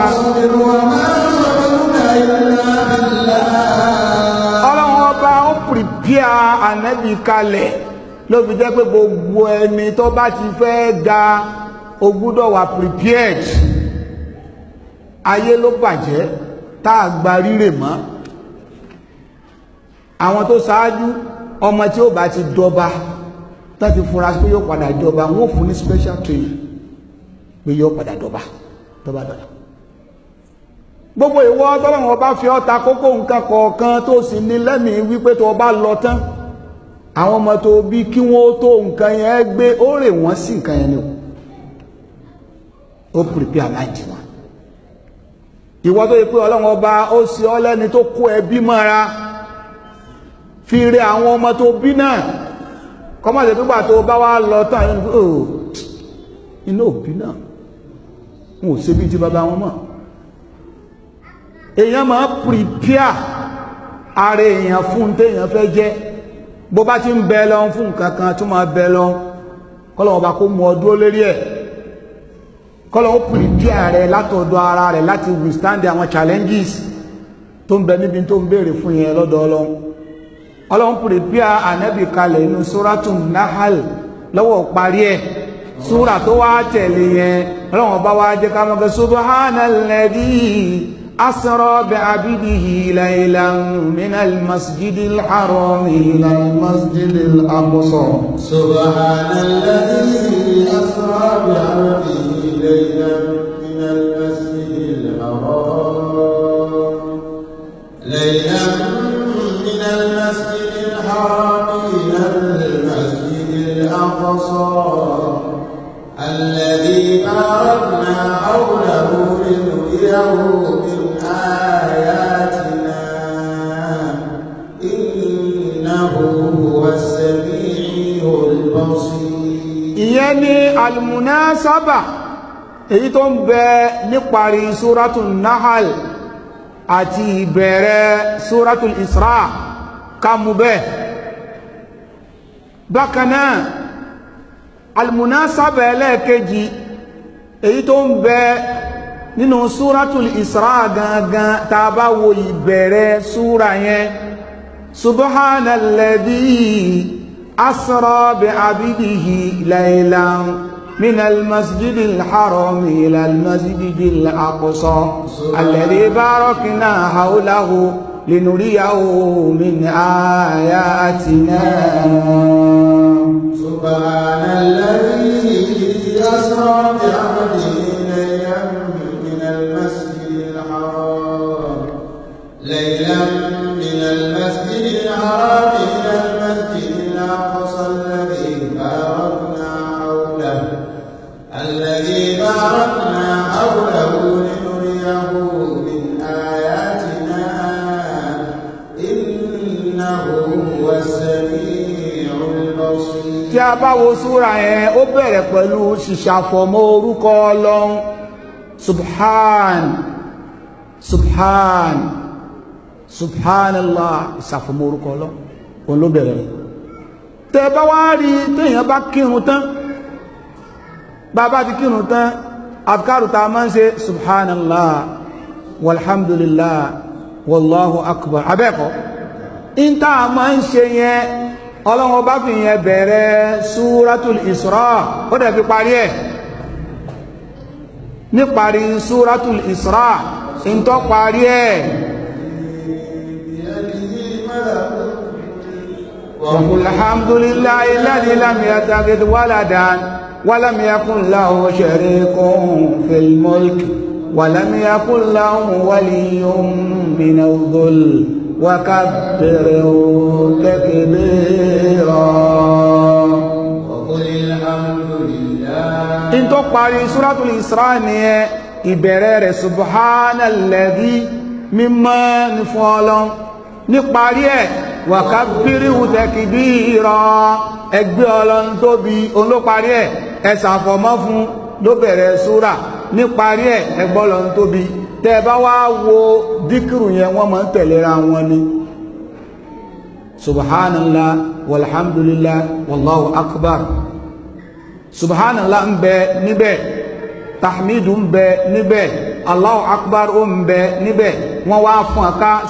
واصبر وما صبرك إلا بالله ọlọ́run ọba ó pìrìpíà ànábì kalẹ̀ ló fi jẹ́ pé gbogbo ẹni tó bá ti fẹ́ ga o gbúdọ̀ wà prepared ayé ló bàjẹ́ tá a gba rírè mọ́ àwọn tó ṣáájú ọmọ tí ó bá ti dọba tó ti fura pé yóò padà jọba wọn fún ní special training pé padà dọba dọba gbogbo ìwọ tọ́lọ́wọ́n ọba fi ọta kókó nǹkan kọ̀ọ̀kan tó sì ní lẹ́mìí wípé tó bá lọ tán àwọn ọmọ tó bí kí wọ́n tó nǹkan yẹn ó o ó pèpè wọn ìwọ tó yẹ pé ọba ó sì ọ́ lẹ́ni tó kó ẹbí mọ́ra fi kọ́mọ̀ ṣe pípa tó bá wá lọ tán yẹn ó oh, inú òbí náà wọn ò ṣe bí ti bàbá wọn mọ̀ èèyàn máa pìrìpíà ara èèyàn fún téèyàn fẹ́ jẹ́ bó bá ti ń bẹ lọ fún nǹkan kan tó máa bẹ lọ kọ́lọ́wọ́ bá kó mú ọ dúró lérí ẹ̀ kọ́lọ́wọ́ pìrìpíà rẹ látọ̀dọ̀ ara rẹ láti withstand àwọn challenges tó ń bẹ níbi tó ń béèrè fún yẹn lọ́dọ̀ ọlọ́run a ànábì kalẹ̀ inú sóràtù nahal lọ́wọ́ parí ẹ̀ sóra tó wá tẹ̀lé yẹn ọlọ́run bá wá jẹ́ ká mọ́kẹ́ subhanalladhi asra bi abidihi masjidi minal masjidil haram ilal masjidil aqsa. subhanalladhi asra bi abidihi laylan minal masjidil haram laylan. المسجد الحرام إلى المسجد الأقصى الذي باركنا حوله لنريه من آياتنا إنه هو السميع البصير يعني المناسبة almunasaba èyí سورة ń أتي níparí سورة الإسراء ká mú bẹ́ẹ̀ bákan náà almunasaba ẹlẹ́ẹ̀kejì èyí tó ń bẹ nínú súratul Isra gangan tá a bá wo ìbẹ̀rẹ̀ súra yẹn subhanalladhi asra bi abidihi laylan من المسجد الحرام إلى المسجد الأقصى الذي باركنا حوله لنريه من آياتنا سبحان الذي أسرى بعبده ليلا من المسجد الحرام ليلا من المسجد الحرام a bá wo súra yẹn ó bẹ̀rẹ̀ pẹ̀lú ṣìṣàfọ̀mọ́ orúkọ ọlọ́run subhan subhan subhanallah ìṣàfọ̀mọ́ orúkọ ọlọ́run òun ló bẹ̀rẹ̀ rẹ̀ tẹ bá wá rí téèyàn bá kírun tán bàbá ti kírun tán afkaru ta máa ń ṣe subhanallah walhamdulillah wallahu akbar abẹ́ẹ̀kọ́ in tá a ń ṣe yẹn ọlọ́run ọba fi yẹn bẹ̀rẹ̀ súratul Isra ó dẹ̀ fi parí ẹ̀ níparí súratul Isra ń tọ́ parí ẹ̀ alhamdulillahi alladhi lam yattakhidh waladan wa lam yakun lahu sharikun fil mulk wa lam وكبره تكبيرا وقل الحمد لله ان تقبل سورة الإسراء ìbẹ̀rẹ̀ subhanalladhi mímọ́ ní fún ọlọ́run níparí ẹ̀ wàkábíríhù takbira ẹgbẹ́ ọlọ́run tóbi olóparí ẹ̀ ẹ̀sàfọ̀mọ́ fún ló bẹ̀rẹ̀ súrà n'i ẹ̀ ẹgbọ́ lọ ń tóbi bá wá wo díkìrù yẹn ma máa ń tẹ̀lera wọn ni subhanallah wallahu akbar subhanallah ń bẹ níbẹ̀ tahmidu ń bẹ níbẹ̀ allahu akbar ń bẹ níbẹ̀ wá fún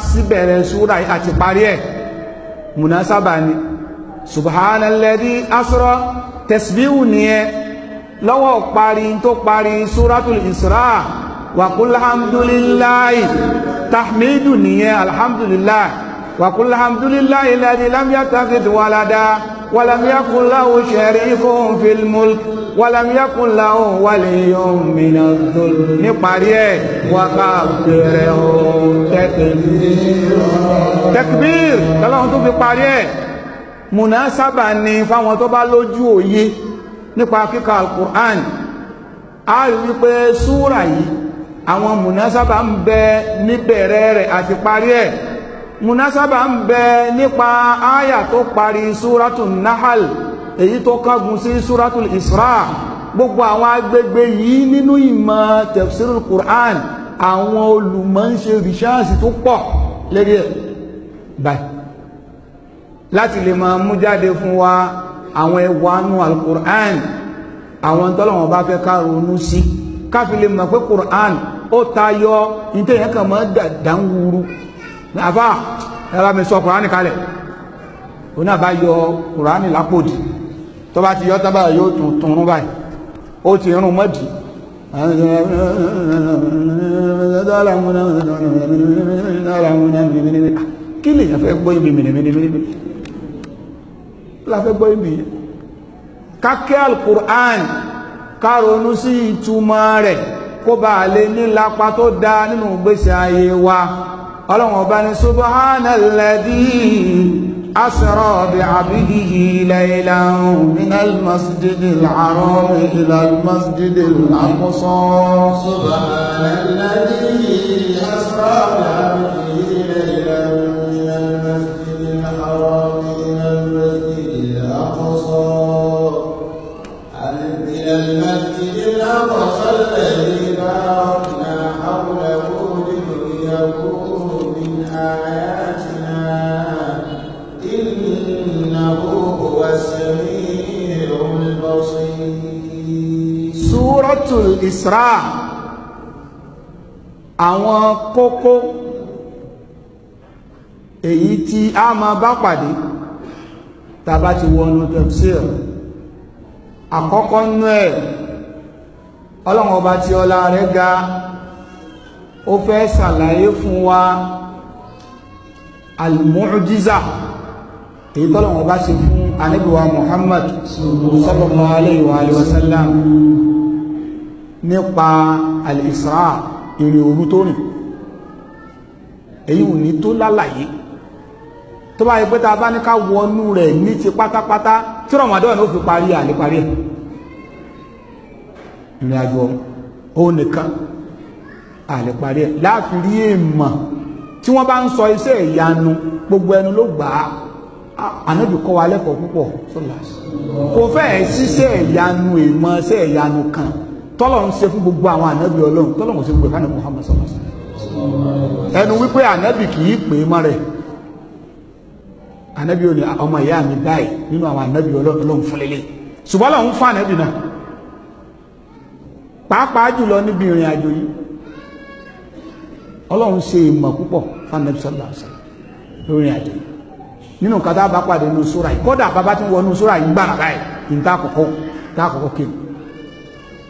síbẹ̀rẹ̀ àti parí munasaba ni nìyẹn lọ́wọ́ parí tó parí suratul isra wàkúlhamdulillahi tahmidu nìyẹn alhamdulillahi wàkúlhamdulillahi alladhi lam yattakhidh walada walam yakun lahu sharikun fil mulk walam yakun lahu waliyyun minadh-dhulm níparí ẹ̀ wàkàbẹ̀rẹ̀ tẹkbír tẹkbír tọ́lọ́run tó fi parí ẹ̀ mùnà sábà ní fáwọn tó nípa kíkà alukur'an a rí wípé súra yìí àwọn mùnásábà ń bẹ níbẹ̀rẹ̀ rẹ̀ àti parí ẹ̀ mùnásábà ń bẹ nípa áyà tó parí súratul nahal èyí tó kángun sí súratul isra gbogbo àwọn agbègbè yìí nínú ìmọ̀ tafsirul qur'an àwọn olùmọ̀ ń ṣe rìṣáàsì tó pọ̀ lérí ẹ̀ láti lè máa mú jáde fún wa àwọn ẹwà nù alukur'an àwọn tọ́lọ́wọ́n bá fẹ́ ká ronú sí káfí lè mọ̀ pé kur'an ó tayọ ntẹ̀yìn kan mọ́ dàdánwúru àfa ẹ̀rọ mi sọ kur'an kalẹ̀ òun náà bá yọ kur'an lápòdì tó bá ti yọ tábà yóò tún tún báyìí ó ti rún mọ́dì kí lèèyàn fẹ́ gbọ́ ibi la fẹ́ gbọ́ ibi kákẹ́ alukur'an kárònú sí ìtumọ̀ rẹ̀ kó bá a lè ní lápá tó dá nínú ìgbésí ayé wa ọlọ́run ọba ní subahana lẹ́dí asra bi abidihi laylan minal masjidi al-haram masjidi al-aqsa subahana lẹ́dí asra bi Isra àwọn kókó èyí tí a máa bá pàdé tàbá ti wọnú tafsir àkọ́kọ́ nú ẹ̀ ọlọ́run ọba tí ọlá rẹ̀ ga ó fẹ́ ṣàlàyé fún wa al èyí tọ́lọ́run ọba ṣe fún ànábì Muhammad sallallahu alayhi wa sallam nípa al-Isra ìrìn òru tó rìn èyí ò ní tó lálàyé tó bá yẹ pé tá a bá ní ká wọnú rẹ̀ ní ti pátápátá tí Ramadan ó fi parí àlè parí ẹ̀ ìrìn àjò òun nìkan àlè parí ẹ̀ láàfin rí èèmọ̀ tí wọ́n bá ń sọ iṣẹ́ ìyanu gbogbo ẹnu ló gbà á ànábì kọ́ wa lẹ́kọ̀ọ́ púpọ̀ kò fẹ́ẹ̀ ṣiṣẹ́ ìyanu ìmọ̀ iṣẹ́ ìyanu kan tọ́lọ̀ ń ṣe fún gbogbo àwọn ànábì ọlọ́run tọ́lọ̀ ń ṣe gbogbo kánà Muhammad sallallahu alaihi wasallam ẹnu wípé ànábì kì í pè é mọ́ rẹ̀ ànábì ò ní ọmọ ìyá mi báyìí nínú àwọn ànábì ọlọ́run ọlọ́run fúnlélẹ̀ ṣùgbọ́n lọ́run fún ànábì náà pàápàá jùlọ níbi ìrìn àjò yìí ọlọ́run ṣe ìmọ̀ púpọ̀ fún ànábì sallallahu lórí àjò yìí nínú nǹkan bá pàdé nínú sóra yìí kódà bàbá tí ń wọnú sóra yìí gbàrà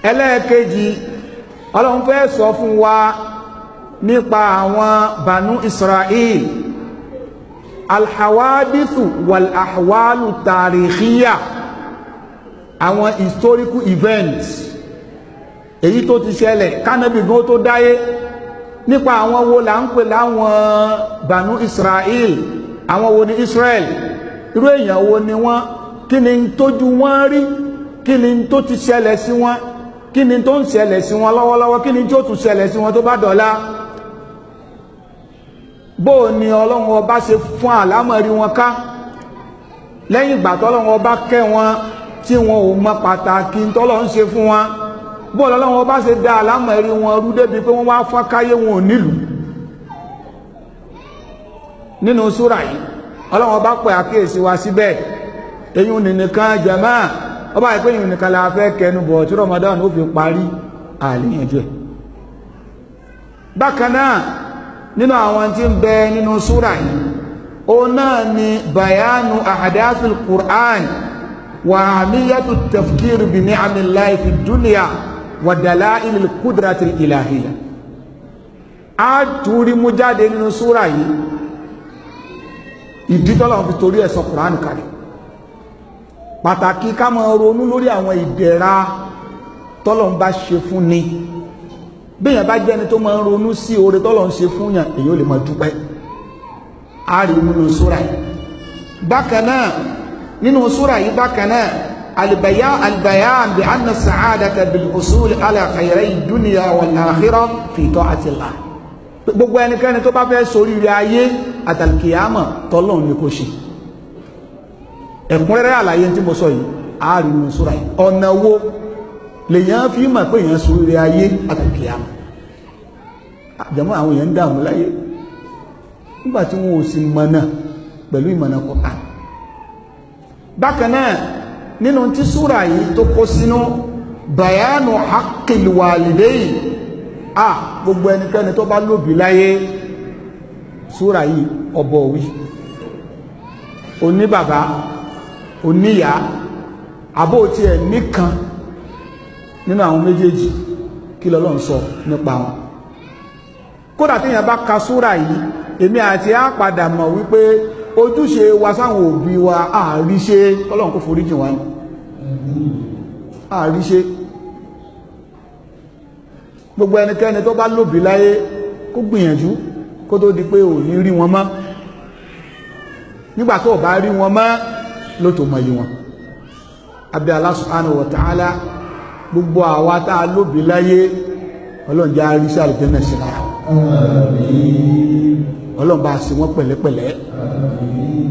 ẹlẹ́ẹ̀kejì ọlọ́run fẹ́ sọ fún wa nípa àwọn banu israel alhawadithu walahwalu tarihiya àwọn historical events èyí tó ti ṣẹlẹ̀ kánẹ́bì gan tó dáyé nípa àwọn wo là ń pè láwọn banu israel àwọn wo ni israel irú èèyàn wo ni wọ́n kí ni tójú wọ́n rí kí ni tó ti ṣẹlẹ̀ sí wọn kí ni tó ń ṣẹlẹ̀ sí wọn lọ́wọ́lọ́wọ́ kí ni tó tún ṣẹlẹ̀ sí wọn tó bá dọ̀la bó o ní ọlọ́run ọba ṣe fún àlámọ̀rí wọn ká lẹ́yìn ìgbà tọ́lọ́run ọba kẹ́ wọn tí wọn ò mọ pàtàkì tọ́lọ́run ṣe fún wọn bó o lọ́lọ́run ọba ṣe dá àlámọ̀rí wọn rú débi pé wọ́n wá fọ́n káyé wọn ò nílùú nínú súrà yìí ọlọ́run ọba pè àkíyèsí wa síbẹ̀ èyí nìkan jàmáà ọba àìpé yìí nìkan la fẹ́ kẹnu bọ̀ tí Ramadan ó fi parí àlèyànjú ẹ̀ bákan náà nínú àwọn tí ń bẹ nínú súrà yìí ó náà ni bayanu ahadathul Qur'an wa ahamiyatu tafkir bi ni'amillahi fi dunya wa dalailil qudratil ilahiyya a turi mú jáde nínú súrà yìí ìdí tọ́lọ́run fi torí ẹ̀ sọ Qur'an kalẹ̀ pàtàkì ká máa ronú lórí àwọn ìdẹ̀ra tọ́lọ́n bá ṣe fún ni béèyàn bá jẹ́ni tó máa ń ronú sí oore tọ́lọ́n ṣe fún yàn èyí ò lè máa dúpẹ́ a rí nínú sóra yìí bákan náà nínú sóra yìí bákan náà alìbàyà alìbàyà àbí anna sàádàtà bilhusul ala khayri dunya wal akhirah fi ta'atillah gbogbo ẹnikẹ́ni tó bá fẹ́ sórí rẹ̀ ayé àtàlùkìyàmọ̀ tọ́lọ́n ni kò ṣe ẹ̀kúnrẹ́rẹ́ àlàyé tí mo sọ yìí àárínú súra ọ̀nà wo lèyàn fi mọ̀ pé èyàn sórí ayé àtàkìyàmù àjẹmọ́ àwọn èyàn ń dààmú láyé nígbà tí wọn ò sì mọ̀nà pẹ̀lú ìmọ̀nà kọ̀ọ̀kan bákan náà nínú tí súra yìí tó kó sínú bayanu haqqil walidayn à gbogbo ẹnikẹ́ni tó bá lóbi láyé súra yìí ọbọ̀ wí oní oníyà àbó tiẹ̀ nìkan nínú àwọn méjèèjì kí lọ́lọ́run sọ nípa wọn kódà téèyàn bá ka súrà yìí èmi àti á padà mọ̀ wípé ojúṣe wa sáwọn òbí wa àríṣe kọ́lọ́run kó forí jìn wá ní àríṣe gbogbo ẹnikẹ́ni tó bá lòbí láyé kó gbìyànjú kó tó di pé ò ní rí wọn mọ́ nígbà tó bá rí wọn mọ́ lótò mọ iye wọn abẹ́ Allah subhanahu wa ta'ala gbogbo àwa tá a lóbi láyé ọlọ́run jẹ́ àríṣà àlùjẹ́nà sí lára ọlọ́run bá a ṣe wọ́n pẹ̀lẹ́pẹ̀lẹ́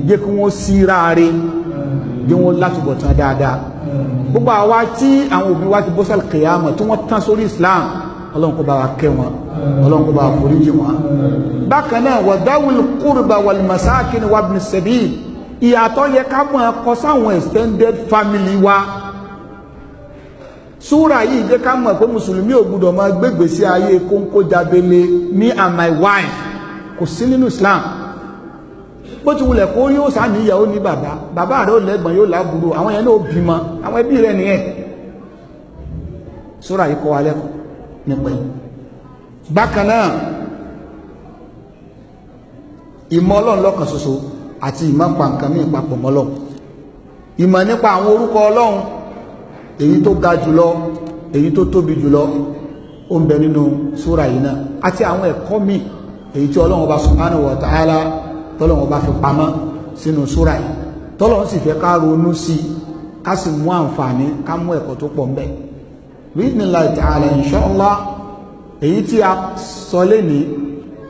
jẹ́ kí wọ́n sí ráre jẹ́ wọ́n látúbọ̀ tán dáadáa gbogbo àwa tí àwọn òbí wa ti bọ́ sálì kìyàmọ̀ tí wọ́n tán sórí Islam ọlọ́run kó bá wa kẹ́ wọn ọlọ́run kó bá wa foríjì wọn bákan náà wa dawil qurba wal masakin wabni sabil ìyàtọ̀ yẹ ká máa kọ sáwọn extended family wa súra yìí jẹ́ ká mọ̀ pé mùsùlùmí ò gbúdọ̀ máa gbégbé sí ayé kóńkó jábele me and my wife kò sí nínú Islam bó ti wulẹ̀ kó yóò sáni ìyàwó ní bàbá bàbá rẹ̀ ò lẹ́gbọ̀n yóò lábúrò àwọn yẹn náà bímọ àwọn ẹbí rẹ̀ nìyẹn súra yìí kọ́ wa lẹ́kọ̀ọ́ nípa yìí bákan náà ìmọ̀ ọlọ́run lọ́kàn ṣoṣo àti ìmọ̀ pa nǹkan míì papọ̀ mọ́ Ọlọ́run ìmọ̀ nípa àwọn orúkọ Ọlọ́run èyí tó ga jùlọ èyí tó tóbi jùlọ ó ń bẹ nínú súra yìí náà àti àwọn ẹ̀kọ́ míì èyí tí Ọlọ́run bá subhanahu wa ta'ala tọ́lọ́run bá fi pamọ́ sínú súra yìí tọ́lọ́run sì fẹ́ ká ronú sí i ká sì mú àǹfààní ká mú ẹ̀kọ́ tó pọ̀ ńbẹ̀ bi'idhnillahi ta'ala inshallah èyí tí a sọ lé ní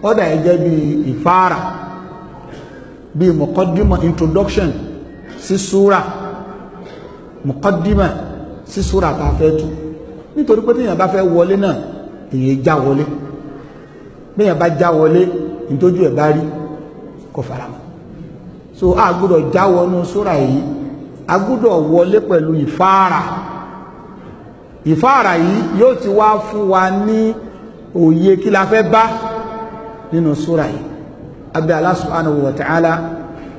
ọ̀dà ẹ̀jẹ̀ bíi ìfáàrà bíi mọ̀kọ́dímọ̀ introduction sí súra mọ̀kọ́dímọ̀ sí súra tá a fẹ́ tú nítorí pé téèyàn bá fẹ́ wọlé náà èèyàn já wọlé béèyàn bá já wọlé nítójú ẹ̀ bá rí kò faramọ́ so a gbọ́dọ̀ já wọnú súra yìí a gbọ́dọ̀ wọlé pẹ̀lú ìfáàrà ìfáàrà yìí yóò ti wá fún wa ní òye kí la fẹ́ bá nínú súra yìí abẹ́ Allah subhanahu wa ta'ala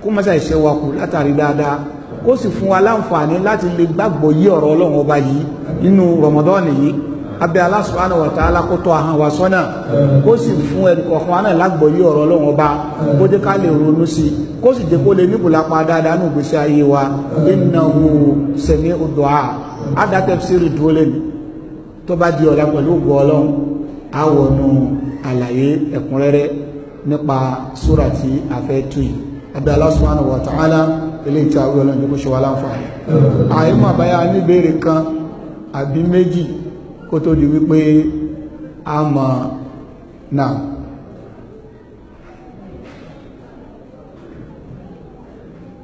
kó mọ́sá ìṣẹ́ wa kù látàrí dáadáa kó sì fún wa láǹfààní láti lè gbàgbọ́ yí ọ̀rọ̀ ọlọ́run ọba yìí nínú rọmọdọ́ọ̀nì yìí abẹ́ Allah subhanahu wa ta'ala kó tọ́ ahọ́n wa sọ́nà kó sì fún ẹnì kọ̀ọ̀kan wa náà lágbọ́ yí ọ̀rọ̀ ọlọ́run ọba kó dé ká lè ronú sí i kó sì dé kó lè níbùlápa dáadáa nù gbèsè ayé ada tafsiri dúró lẹ́nu tó bá di ọ̀la pẹ̀lú ògbó ọlọ́run àlàyé ẹ̀kúnrẹ́rẹ́ nípa súrà tí a fẹ́ tú yìí abẹ́ Allah subhanahu wa ta'ala ilé ìta àwọn ọlọ́run tó kó ṣe wá láǹfààní àìmọ̀ àbáyá níbèrè kan àbí méjì kó tó di wípé a mọ̀ náà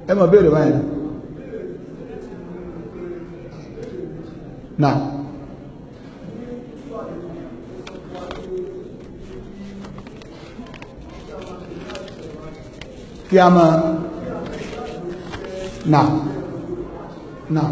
ẹ mọ̀ báyìí náà kí a máa nà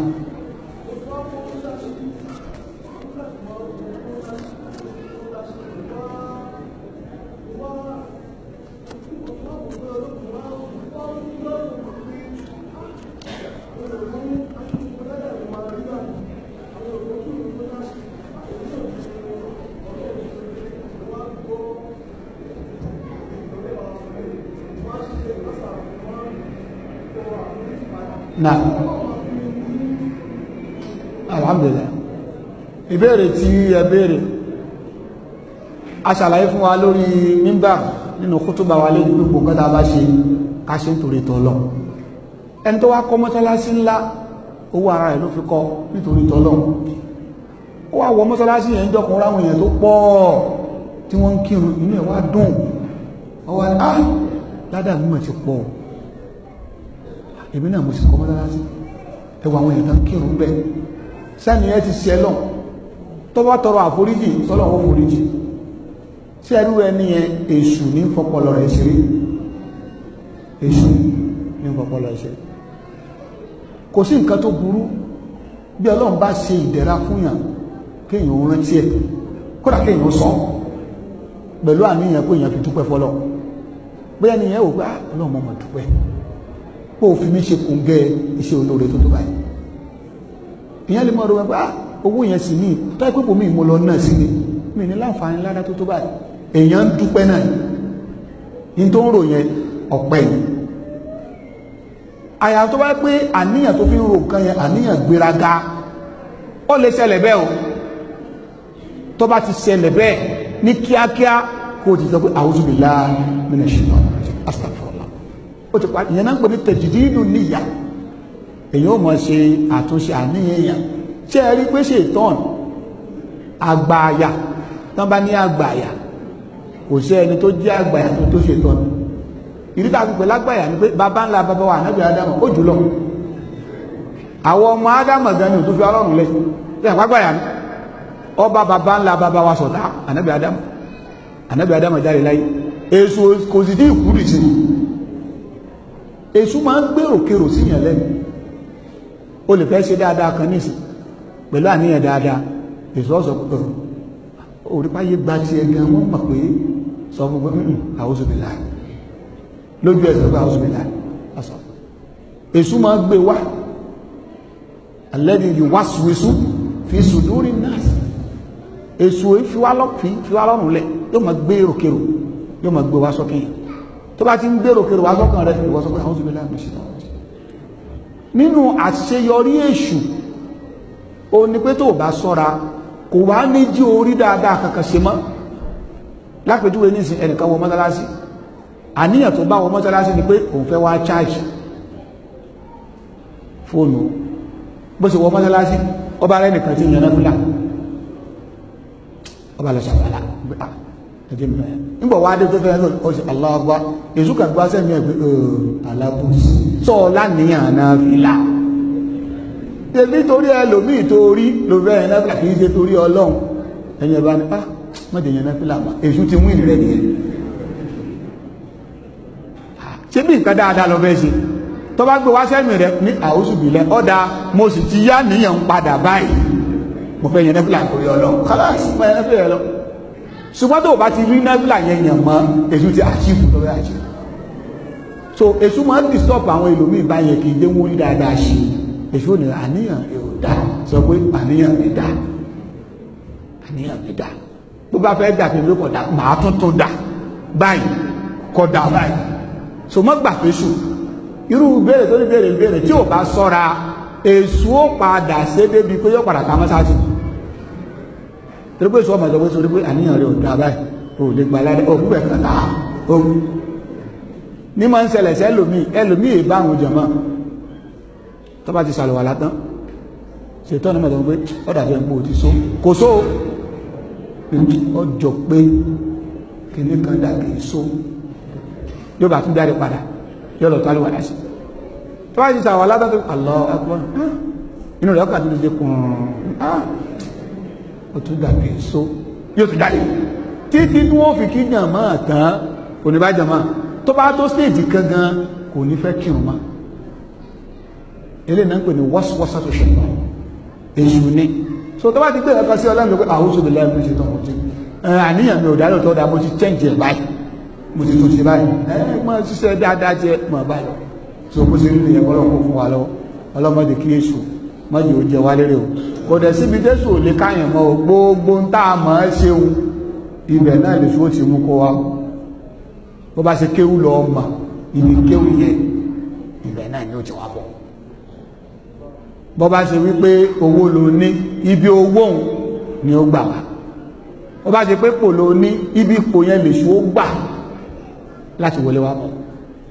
náà alhamdulillah ìbéèrè tí ẹ béèrè a ṣàlàyé fún wa lórí mímbà nínú kútùbà wa lè gbogbo kọ́ta bá ṣe káṣí nítorí tọ́lọ ẹni tó wá kọ́ mọ́sálásí ńlá owó ara rẹ̀ ló fi kọ́ nítorí tọ́lọ ó wá wọ mọ́sálásí yẹn jọkùn ráwọn èèyàn tó pọ̀ ah ládàá mímọ̀ èmi náà mo sì kọ́ mọ́sálásí ẹ wọ àwọn èèyàn tán kírun bẹ́ẹ̀ sẹ́ni ẹ ti ṣe lọ́n tó bá tọrọ àforíjì sọ́lọ́ wọn foríjì tí ẹrú rẹ ní yẹn èṣù ní fọpọlọ rẹ ṣeré èṣù ní fọpọlọ rẹ ṣeré kò sí nǹkan tó burú bí ọlọ́run bá ṣe ìdẹ̀ra fúnyàn kéèyàn ó rántí ẹ̀ kódà kéèyàn sọ pẹ̀lú àníyàn pé èèyàn fi dúpẹ́ fọlọ́ bóyá ni ìyẹn wò pé ah, ọlọ́run mọ̀ dúpẹ́ kó o fi mí ṣe kòǹgẹ́ iṣẹ́ olóore tó tó báyìí ìyẹn lè mọ ọdún wípé ah, owó yẹn sì ní táì pé mo lọ náà sí ni mi ní láǹfààní ládá tó tó báyìí èèyàn ń dúpẹ́ náà ní tó ń rò yẹn ọ̀pẹ yìí àyà tó bá pé àníyàn tó fi ń ro nǹkan yẹn àníyàn gbéraga ó lè ṣẹlẹ̀ bẹ́ẹ̀ o tó bá ti ṣẹlẹ̀ bẹ́ẹ̀ ní kíákíá kó o ti sọ pé a'udhu billahi minash shaitanir rajim ó ti parí ìyẹn náà ń pè ní tẹ̀dídìdù níyà èyàn ò mọ̀ ṣe àtúnṣe àníyàn èèyàn ṣé ẹ rí pé ṣe ìtọ́n àgbààyà tán bá ní àgbààyà kò sí ẹni tó jẹ́ àgbààyà tó tó ṣe ìtọ́n ìdíta pípẹ́ lágbààyà ni pé bàbá ńlá bàbá wa ànábì ádámù ó jùlọ àwọn ọmọ ádámù gan ni ò tó fi ọlọ́run lẹ̀ lẹ́yìn àgbààyà ni ọba bàbá ńlá bàbá wa sọ̀tá ànábì ádámù ànábì ádámù jáde láyé èso kò sì dín ìkúrì sí i èṣù máa ń gbèrò kèrò síyàn lẹ́nu o lè fẹ́ ṣe dáadáa kan nísìn pẹ̀lú àníyàn dáadáa èṣù ọ̀sọ̀ pé òrípáyé gba ti ẹ̀ gan wọ́n mọ̀ pé sọ fún pé àwòsàn mi láì lójú ẹ̀sẹ̀ pé àwòsàn mi láì ọ̀sọ̀ èṣù máa ń gbé wá alẹ́ni yìí wá sùwésù fi sùdúrì náà èṣù fi wá lọ́rùn lẹ̀ yóò máa gbé èrò yóò máa gbé wá sọ́kẹ́yìn tó bá ti ń gbèrò kèrò wá sọ́kàn rẹ̀ ìwọ sọ pé àwọn òṣèlú láàmì ṣìtàn nínú àṣeyọrí èṣù o ní pé tó bá sọ́ra kò wá ní jí orí dáadáa kankan ṣe mọ́ lápèjúwe nísìn ẹnìkan wọ mọ́sálásí àníyàn tó bá wọ mọ́sálásí ni pé òun fẹ́ wá charge fóònù bó ṣe wọ mọ́sálásí ọba rẹ̀ nìkan ti yànnà fúlà ọba lọ ṣàbàlá ẹjẹ mìíràn nígbà wá dé tó fẹ́ ọ̀sẹ̀ aláwọ̀gbá èṣù kan gbá sẹ́mi ẹ̀gbẹ́ alábùsì sọ lánìyàn náà fi là tẹ̀lé torí ẹlòmíì torí ló fẹ́ yẹn náà kì í ṣe torí ọlọ́run ẹ̀yìn ẹ̀bá ni ah mọ̀jẹ̀ yẹn náà fi là mà èṣù ti wíìn rẹ̀ nìyẹn ṣé bí nǹkan dáadáa lọ fẹ́ ṣe tó bá gbé wá sẹ́mi rẹ̀ ní àwùsù bìlẹ̀ ọ̀dà mo sì ti yá nìyẹn padà báyìí mo fẹ́ yẹn náà fi là torí ọlọ́run ṣùgbọ́n tó o bá ti rí náfìlà yẹn yàn mọ́ èṣù ti àṣìkù tó bẹ́ẹ̀ àṣìkù so èṣù máa ń disturb àwọn ẹlòmíì báyẹn kì í dé wọ́n rí dáadáa ṣe èṣù ní àníyàn èrò dá sọ pé àníyàn mi dá àníyàn mi dá bó bá fẹ́ dà fún mi kọ̀ dà màá tuntun dà báyìí kọ̀ dà báyìí so mọ́ gbà fẹ́ṣù irú ìbéèrè tó ní béèrè ìbéèrè tí ò bá sọ́ra èṣù ó padà ṣe débi pé yóò padà ká mọ́sáàtì torí pé sọ ọmọ ìjọba sórí pé àníyàn rẹ ò dá báyìí o ò lè gba aládé o gbúgbẹ kan náà ah, o ní máa ń ṣẹlẹ̀ sí ẹlòmíì ẹlòmíì ìbá àwọn jọmọ tó bá ti ṣàlùwà látán ṣètò ọ̀nà mẹ́ta pé ọ̀dà tó ń pò ti so kò so ọjọ́ pé kìnnì kan dà kì í so yóò bá tún dáre padà yóò lọ tó àlùwà sí tó ti ṣàlùwà látán tó Allahu Akbar inú rẹ̀ ọkà tó ti kùn-ún ah ó tún dàbí èso yóò tún jáde títí tí wọ́n fi kí jàmọ́ àtàn kò ní bá jàmọ́ tó bá tó stéèjì kan gan kò ní fẹ́ kírun mọ́ eléyìí náà ń pè ní wọ́sowọ́sá tó ṣe pọ̀ èṣù ni so tó bá ti gbé ẹ̀ka sí ọlọ́run pé àwọn oṣù bìlẹ̀ ẹ̀mí ṣe tán wọ́n ti àníyàn mi ò dá lóòótọ́ dá mo ti chẹ́ǹjì ẹ̀ báyìí mo ti tún ṣe báyìí ẹ máa ṣiṣẹ́ dáadáa jẹ mọ̀ báyìí so bó ṣe rí nìyẹn kọ́ lọ́kùn fún wa lọ́wọ́ ọlọ́mọdé kí èṣù mọ́jì ó jẹ wá lérè o kò dẹ̀ síbi tẹ́sù ò lè káyàn mọ́ gbogbo ń tàà mọ́ ẹ́ ṣeun ibẹ̀ náà lè fún ti mú kó wá bó bá ṣe kéwú lọ ọmọ ibi kéwú yẹ ibẹ̀ náà ni ó ti wá bọ̀ bó bá ṣe wípé owó ló ní ibi owó ni ó gbà wá bó bá ṣe pé pò ló ní ibi ipò yẹn lè ṣú ó gbà láti wọlé wá bọ̀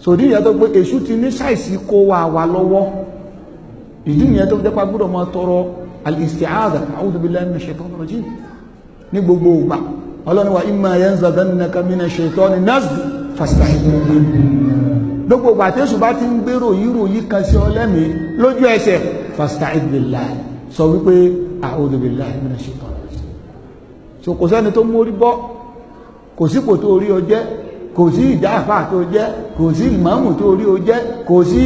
sòdí ìyẹn tó pé èṣù ti ní ṣàìsí kó wa wa lọ́wọ́ ìdí ìyẹn tó jẹ́ pa gbọ́dọ̀ máa tọrọ al أعوذ بالله من الشيطان الرجيم rajim ní gbogbo وإما ọlọ́run من الشيطان yanzaghannaka minash shaitani nazgh fasta'idh gbogbo ìgbà tẹ́sù bá ti ń gbèrò yírò yí kan sí ọlẹ́mìí lójú ẹsẹ̀ fasta'idh sọ wípé a'udhu billahi minash so kò sẹ́ni tó mórí bọ́ kò sí kò tó orí ọ jẹ́ kò sí ìdáàfà tó jẹ́ kò sí ìmáàmù tó rí o jẹ́ kò sí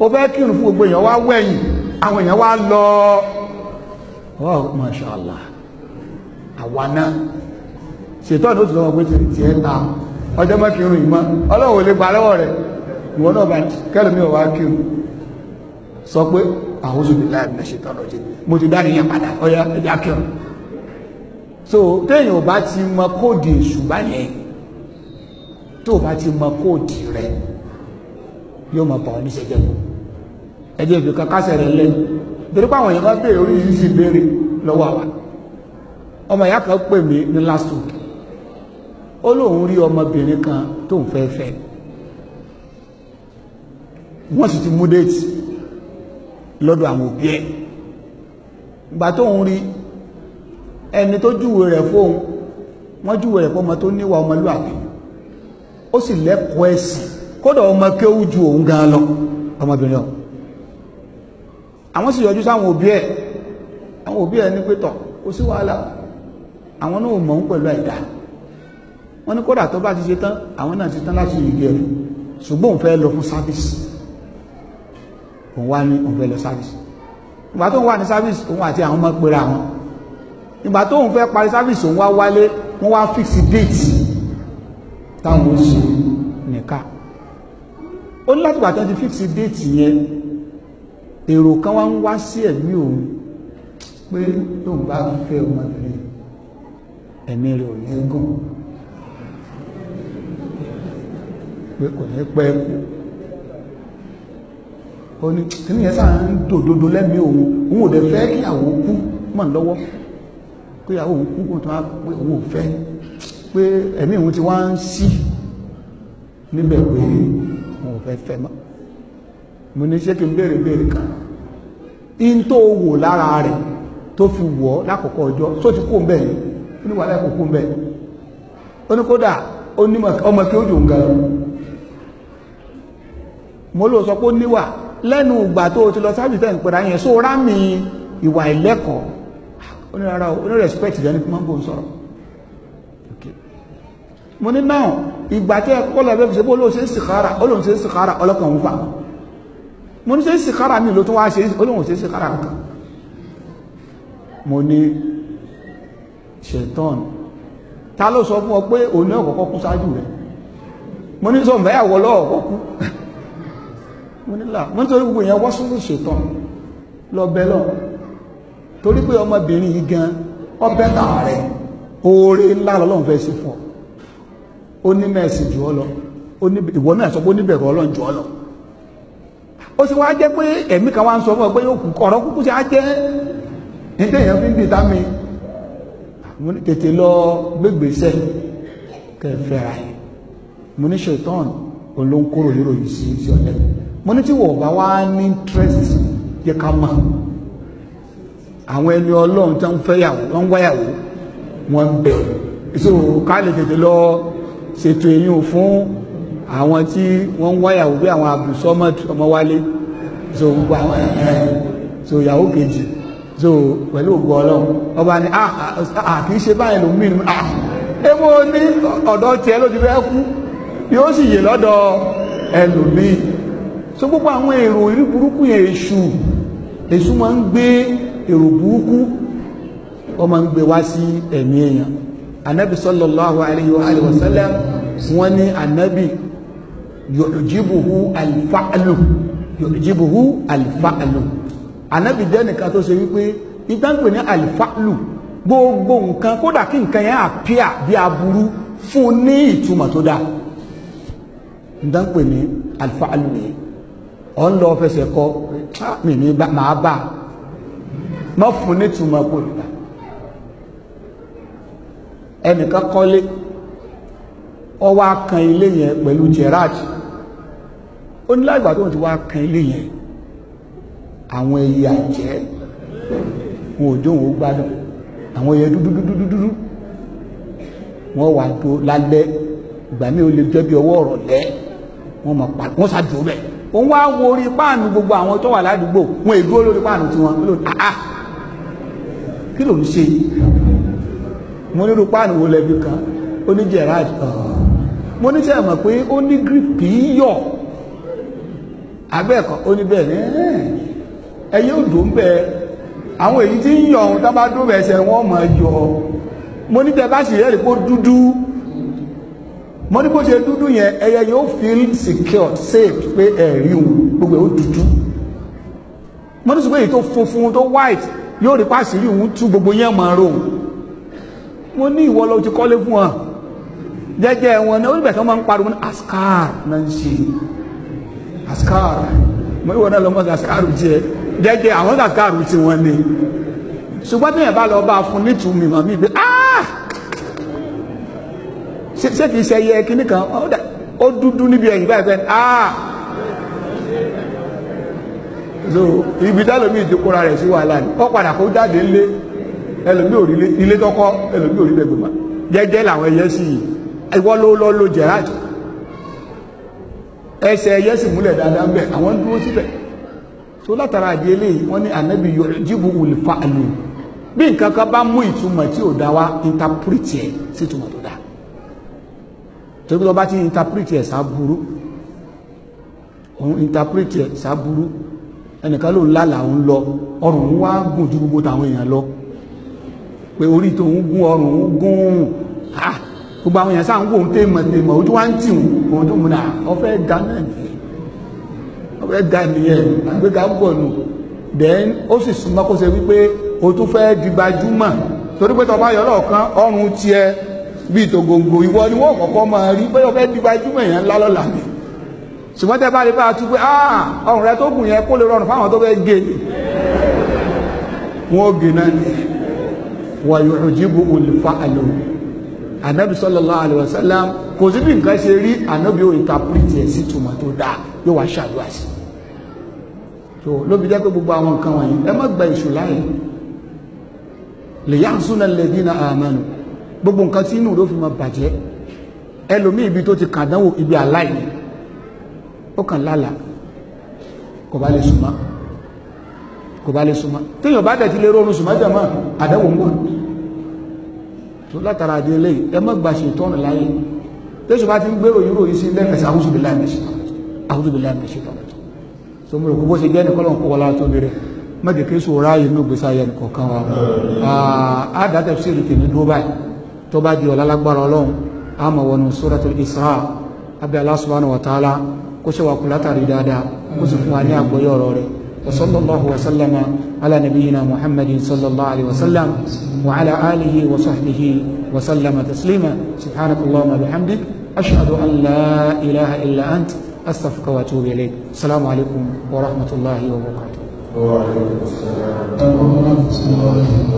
o kírun fún gbogbo èèyàn wá wẹ̀yìn àwọn èèyàn wá lọ oh masha allah àwa náà ṣètò àná òtún lọ́wọ́ pé ti ti ẹ́ ta ọjọ́ má kí irun ìmọ̀ ọlọ́run ò lè gbà lọ́wọ́ rẹ̀ ìwọ náà bá kẹ́lẹ̀ mi ò wá kí irun sọ pé a'udhu billahi minash shaitanir rajim mo ti dá nìyẹn padà ọyá ẹja kí irun so téèyàn ò bá ti mọ kóòdì ṣùgbọ́n yẹn tó o bá ti mọ kóòdì rẹ yóò mọ bọ̀ ọ́ níṣẹ́ jẹ́ ẹjẹ́ ìfikàn kásẹ̀ torí pé àwọn èèyàn béèrè oríṣiríṣi ìbéèrè lọ́wọ́ àwa ọmọ ìyá kan pè mí ní last week ó lóun rí ọmọbìnrin kan tó ń fẹ́ fẹ́ wọ́n sì ti mú déètì lọ́dọ̀ àwọn òbí ẹ̀ ìgbà tóun rí ẹni tó júwe rẹ̀ fóun wọ́n júwe rẹ̀ fọmọ tó níwà ọmọlúwàbí ó sì lẹ́kọ̀ọ́ ẹ̀sìn kódà ọmọ kéwú ju òun gan lọ ọmọbìnrin ọ̀hún àwọn sì yọjú sáwọn òbí ẹ̀ àwọn òbí ẹ̀ ní pétọ̀ kò sí wàhálà àwọn náà mọ̀ ń pẹ̀lú àìdá wọ́n ní kódà tó bá ti ṣe tán àwọn náà ti tán láti yìí ẹ̀ ṣùgbọ́n òun fẹ́ lọ fún sáfíìsì òun wá ní òun fẹ́ lọ sáfíìsì ìgbà tó ń wà ní sáfíìsì òun àti àwọn ọmọ pera wọn ìgbà tó òun fẹ́ parí sáfíìsì òun wá wálé wọ́n wá fíìsì déètì táwọn ó nìka ó ní láti tó ti fíìsì déètì yẹn èrò kan wá ń wá sí ẹ̀mí òun pé tóun bá fẹ́ ọmọbìnrin ẹ̀mí rẹ̀ ò ní gùn pé kò ní pẹ́ kú ó ní kíní yẹn sáà ń dòdodo lẹ́mí òun òun ò dẹ̀ fẹ́ kíyàwó kú mọ̀ lọ́wọ́ kíyàwó òun kú kó tó wá pé òun ò fẹ́ pé ẹ̀mí òun ti wá ń sí níbẹ̀ pé òun ò fẹ́ fẹ́ mọ́ mo ní ṣé kí n béèrè béèrè kan in tó wò lára rẹ̀ tó fi wọ̀ lákòókò ọjọ́ tó ti kó ń bẹ̀ ni ó ní wàhálà kò kó ń bẹ̀ ó ní kódà ó ní ọmọ kí ó jò ń ga mo lò sọ pé ó níwà lẹ́nu ìgbà tó o ti lọ sábì tẹ̀ ń pera yẹn só rá mi ìwà ìlẹ́kọ̀ọ́ ó ní rárá respect rẹ̀ ní fúnmọ́ ń sọ̀rọ̀ mo ní náà ìgbà tí ẹ kọ́ lọ bẹ́ẹ̀ fi ṣe bó lóun ṣe ń sìkára ó ṣe ń sìkára ọlọ́kàn ń fà mo ní ṣe ìsìkára mi ló tún wá ṣe olóhùn ṣe ìsìkára kan mo ní ṣetán ta ló sọ fún ọ pé òun náà kọ́kọ́ kú ṣáájú rẹ̀ mo ní sọ̀nbẹ́ àwọ̀ lọ́wọ́ kọ́ kú mo ní là mo ní torí gbogbo ìyẹn wọ́n sún ṣetán lọ bẹ́ lọ torí pé ọmọbìnrin yìí gan ọbẹ̀ tà rẹ̀ oore ńlá lọ́lọ́run fẹ́ sí fún ó ní mẹ́ẹ̀sì jù ọ lọ ìwọ náà sọ pé ó níbẹ̀rù ọlọ́run jù ọ lọ ó sì wá jẹ́ pé ẹ̀mí kan wá ń sọ fún ọ pé ọ̀rọ̀ kúkú sí á jẹ́ nítorí èèyàn fi ń dìtà mi mo ní tètè lọ gbégbèsè kẹfẹ́ ra yìí mo ní ṣètọ́n olóńkóró lérò yìí sí sí ọ̀lẹ́ mo ní tí wọ́n bá wá ní interest yẹ ká mọ̀ àwọn ẹni ọlọ́run tí wọ́n fẹ́ yàwó wọ́n ń wáyàwó wọ́n ń bẹ̀ so ká lè tètè lọ ṣètò èyí ò fún àwọn tí wọ́n ń wáyàwó bí àwọn abùsọ́mọ̀ ọmọ wálé so gbogbo àwọn eh, eh, so ìyàwó kejì so pẹ̀lú ògbó ọlọ́run ọba ni ah, ah, ah, ah kì í ṣe báyìí ló ń mìíràn ah ebo ní ọ̀dọ́ tiẹ̀ ló ti fẹ́ kú yóò sì yè lọ́dọ̀ ẹlòmíì so gbogbo àwọn èrò ìrí burúkú yẹn èṣù èṣù máa ń gbé èrò burúkú wọ́n máa ń gbé wá sí ẹ̀mí èèyàn anabi sallallahu alayhi wa sallam wọ́n ní anabi yòòjìbùhù àlìfààlù yòòjìbùhù àlìfààlù ànábì jẹ́ nìkan tó ṣe wípé ìtànpè ní àlìfààlù gbogbo nǹkan kódà kí nǹkan yẹn àpíà bí aburú fún un ní ìtumọ̀ tó dáa ìtànpè ní àlìfààlù yìí ọ̀ ń lọ fẹsẹ̀ kọ mi ní màá bá má fún ní ìtumọ̀ kò nígbà ẹnìkan kọ́lé ó wá ilé yẹn pẹ̀lú gerard ó ní láìgbà tó ń ti wá kan ilé yẹn àwọn ẹyẹ àjẹ́ wọn ò jó wọn ó gbádùn àwọn ẹyẹ dúdúdúdúdúdú wọn wà tó lálẹ́ ìgbà mi ò lè jẹ́ bí ọwọ́ ọ̀rọ̀ lẹ́ wọn mọ̀ pa wọn ṣàjò bẹ́ẹ̀ òun wá wo orí páànù gbogbo àwọn tó wà ládùúgbò wọn èdú olórí páànù tiwọn lónìí àá ah, ah. kí ló ń ṣe mo nílò páànù wo lẹbi kan ó ní Gerard mo ní sẹ́yìn mọ̀ pé ó ní gírípì yọ̀ abẹ́ẹ̀kọ́ ó ní bẹ́ẹ̀ ní ẹyẹ òdò ń bẹ àwọn èyí tí ń yọ ohun tó bá dúró ẹsẹ̀ wọn máa yọ mo ní tẹ bá sì rẹ́rìí kó dúdú mo ní bó ṣe dúdú yẹn ẹyẹ yóò feel secure safe pé ẹ̀rí òun gbogbo ẹ̀ ó dúdú mo ní sọ pé èyí tó funfun tó white yóò rí pàṣírí òun tú gbogbo yẹn máa rò mo ní ìwọ lọ ti kọ́lé fún wọn jẹ́jẹ́ wọn ní oníbẹ̀tẹ̀ wọn máa ń pariwo ní askar náà ń ṣe àsìkáàrù mo ìwọ náà lọ mọ àsìkáàrù tiẹ jẹjẹ àwọn àsìkáàrù tí wọn ni ṣùgbọ́n tí yẹn bá lọ bá a fún nítorí mímọ́ mi pé ṣé kìí ṣe ẹyẹ kínní kan ó dúdú níbi ẹ̀yìn báyìí bẹ́ẹ̀ ah! so ibi tẹ́lómi ìdókòrà rẹ̀ sí wàhálà ni ó padà kó jáde lé ẹlòmí ò rí ilé tọkọ ẹlòmí ò rí bẹgbẹmọ jẹjẹ làwọn ẹyẹ sí i ìwọ ló lọ lo jẹrajù ẹsẹ̀ ẹyẹ sì múlẹ̀ dáadáa ń bẹ̀ àwọn dúró síbẹ̀ tó látara àdí eléyìí wọ́n ní ànábì yọ jíbu olùfà àlù bí nǹkan kan bá mú ìtumọ̀ tí ò dá interpret ẹ̀ sí ìtumọ̀ tó dá torí pé tó ti interpret ẹ̀ sáburú òun interpret ẹ̀ sáburú ẹnìkan ló ń lálàá òun lọ ọrùn òun wá gùn ju gbogbo tàwọn èèyàn lọ pé orí tòun gún ọrùn òun gún ah gbogbo àwọn èèyàn sáà ń wò ń tèmọ̀ tèmọ̀ ojú wa ń tì wù òun tó múna ọfẹ́ da náà ni ọfẹ́ da nìyẹn àgbéga pọ̀ nù then ó sì súnmọ́ kó ṣe wípé o tún fẹ́ di gbajúmọ̀ torí pé tọba yọ lọ́ọ̀kan ọrùn tiẹ̀ bíi tògòǹgò ìwọ ni wọ́n kọ́kọ́ máa rí pé ọfẹ́ di gbajúmọ̀ yẹn ńlá lọ́la mi ṣùgbọ́n tẹ bá rí bá a tún pé ah ọrùn rẹ tó gùn yẹn kó anabi sallallahu alayhi wa sallam kò sí bí nǹkan ṣe rí anabi ò interpret ẹ̀ sí tùmọ̀ tó dáa yóò wá ṣàdúrà sí i tó ló fi jẹ́ pé gbogbo àwọn nǹkan wọ̀nyí ẹ má gba èṣù láàyè lè yá àsúná lẹ́dínà àmánù gbogbo nǹkan tí inú ló fi máa bàjẹ́ ẹlòmíì ibi tó ti kàdánwò ibi aláìní ó kàn lálàá kò bá lè súnmọ́ kò bá lè súnmọ́ téèyàn bá dẹ̀ ti lè rọrùn súnmọ́ jàmọ́ àdánwò ń wọ̀ tó látara dé lé ẹ mọ́ gbà ṣètò ọ̀nà láyé tẹ́sù bá ti ń gbèrò yúrò yìí sí lẹ́fẹ̀ẹ́ àwùjọ bí láàmì ṣe àwùjọ bí láàmì ṣe tọ̀nà tó mú òkú bó ṣe jẹ́ nìkan lọ́nkọ́ wọlá tó bẹ̀rẹ̀ mẹ́jẹ̀ kí sọ ráyè ní ògbésí ayé nìkọ̀ọ̀kan wa a dàtẹ̀ sí ìrìkì ní dúró báyìí tó bá di ọ̀la lágbára ọlọ́run á mọ̀ wọnú suratul Isra abẹ́ Allah subhanahu wa ta'ala kó ṣe wà kù látàrí dáadáa kó sì fún wa ní àgbọ́yé ọ̀rọ̀ rẹ̀ وصلى الله وسلم على نبينا محمد صلى الله عليه وسلم وعلى آله وصحبه وسلم تسليما سبحانك اللهم وبحمدك أشهد أن لا إله إلا أنت أستغفرك وأتوب إليك السلام عليكم ورحمة الله وبركاته وعليكم السلام ورحمة الله وبركاته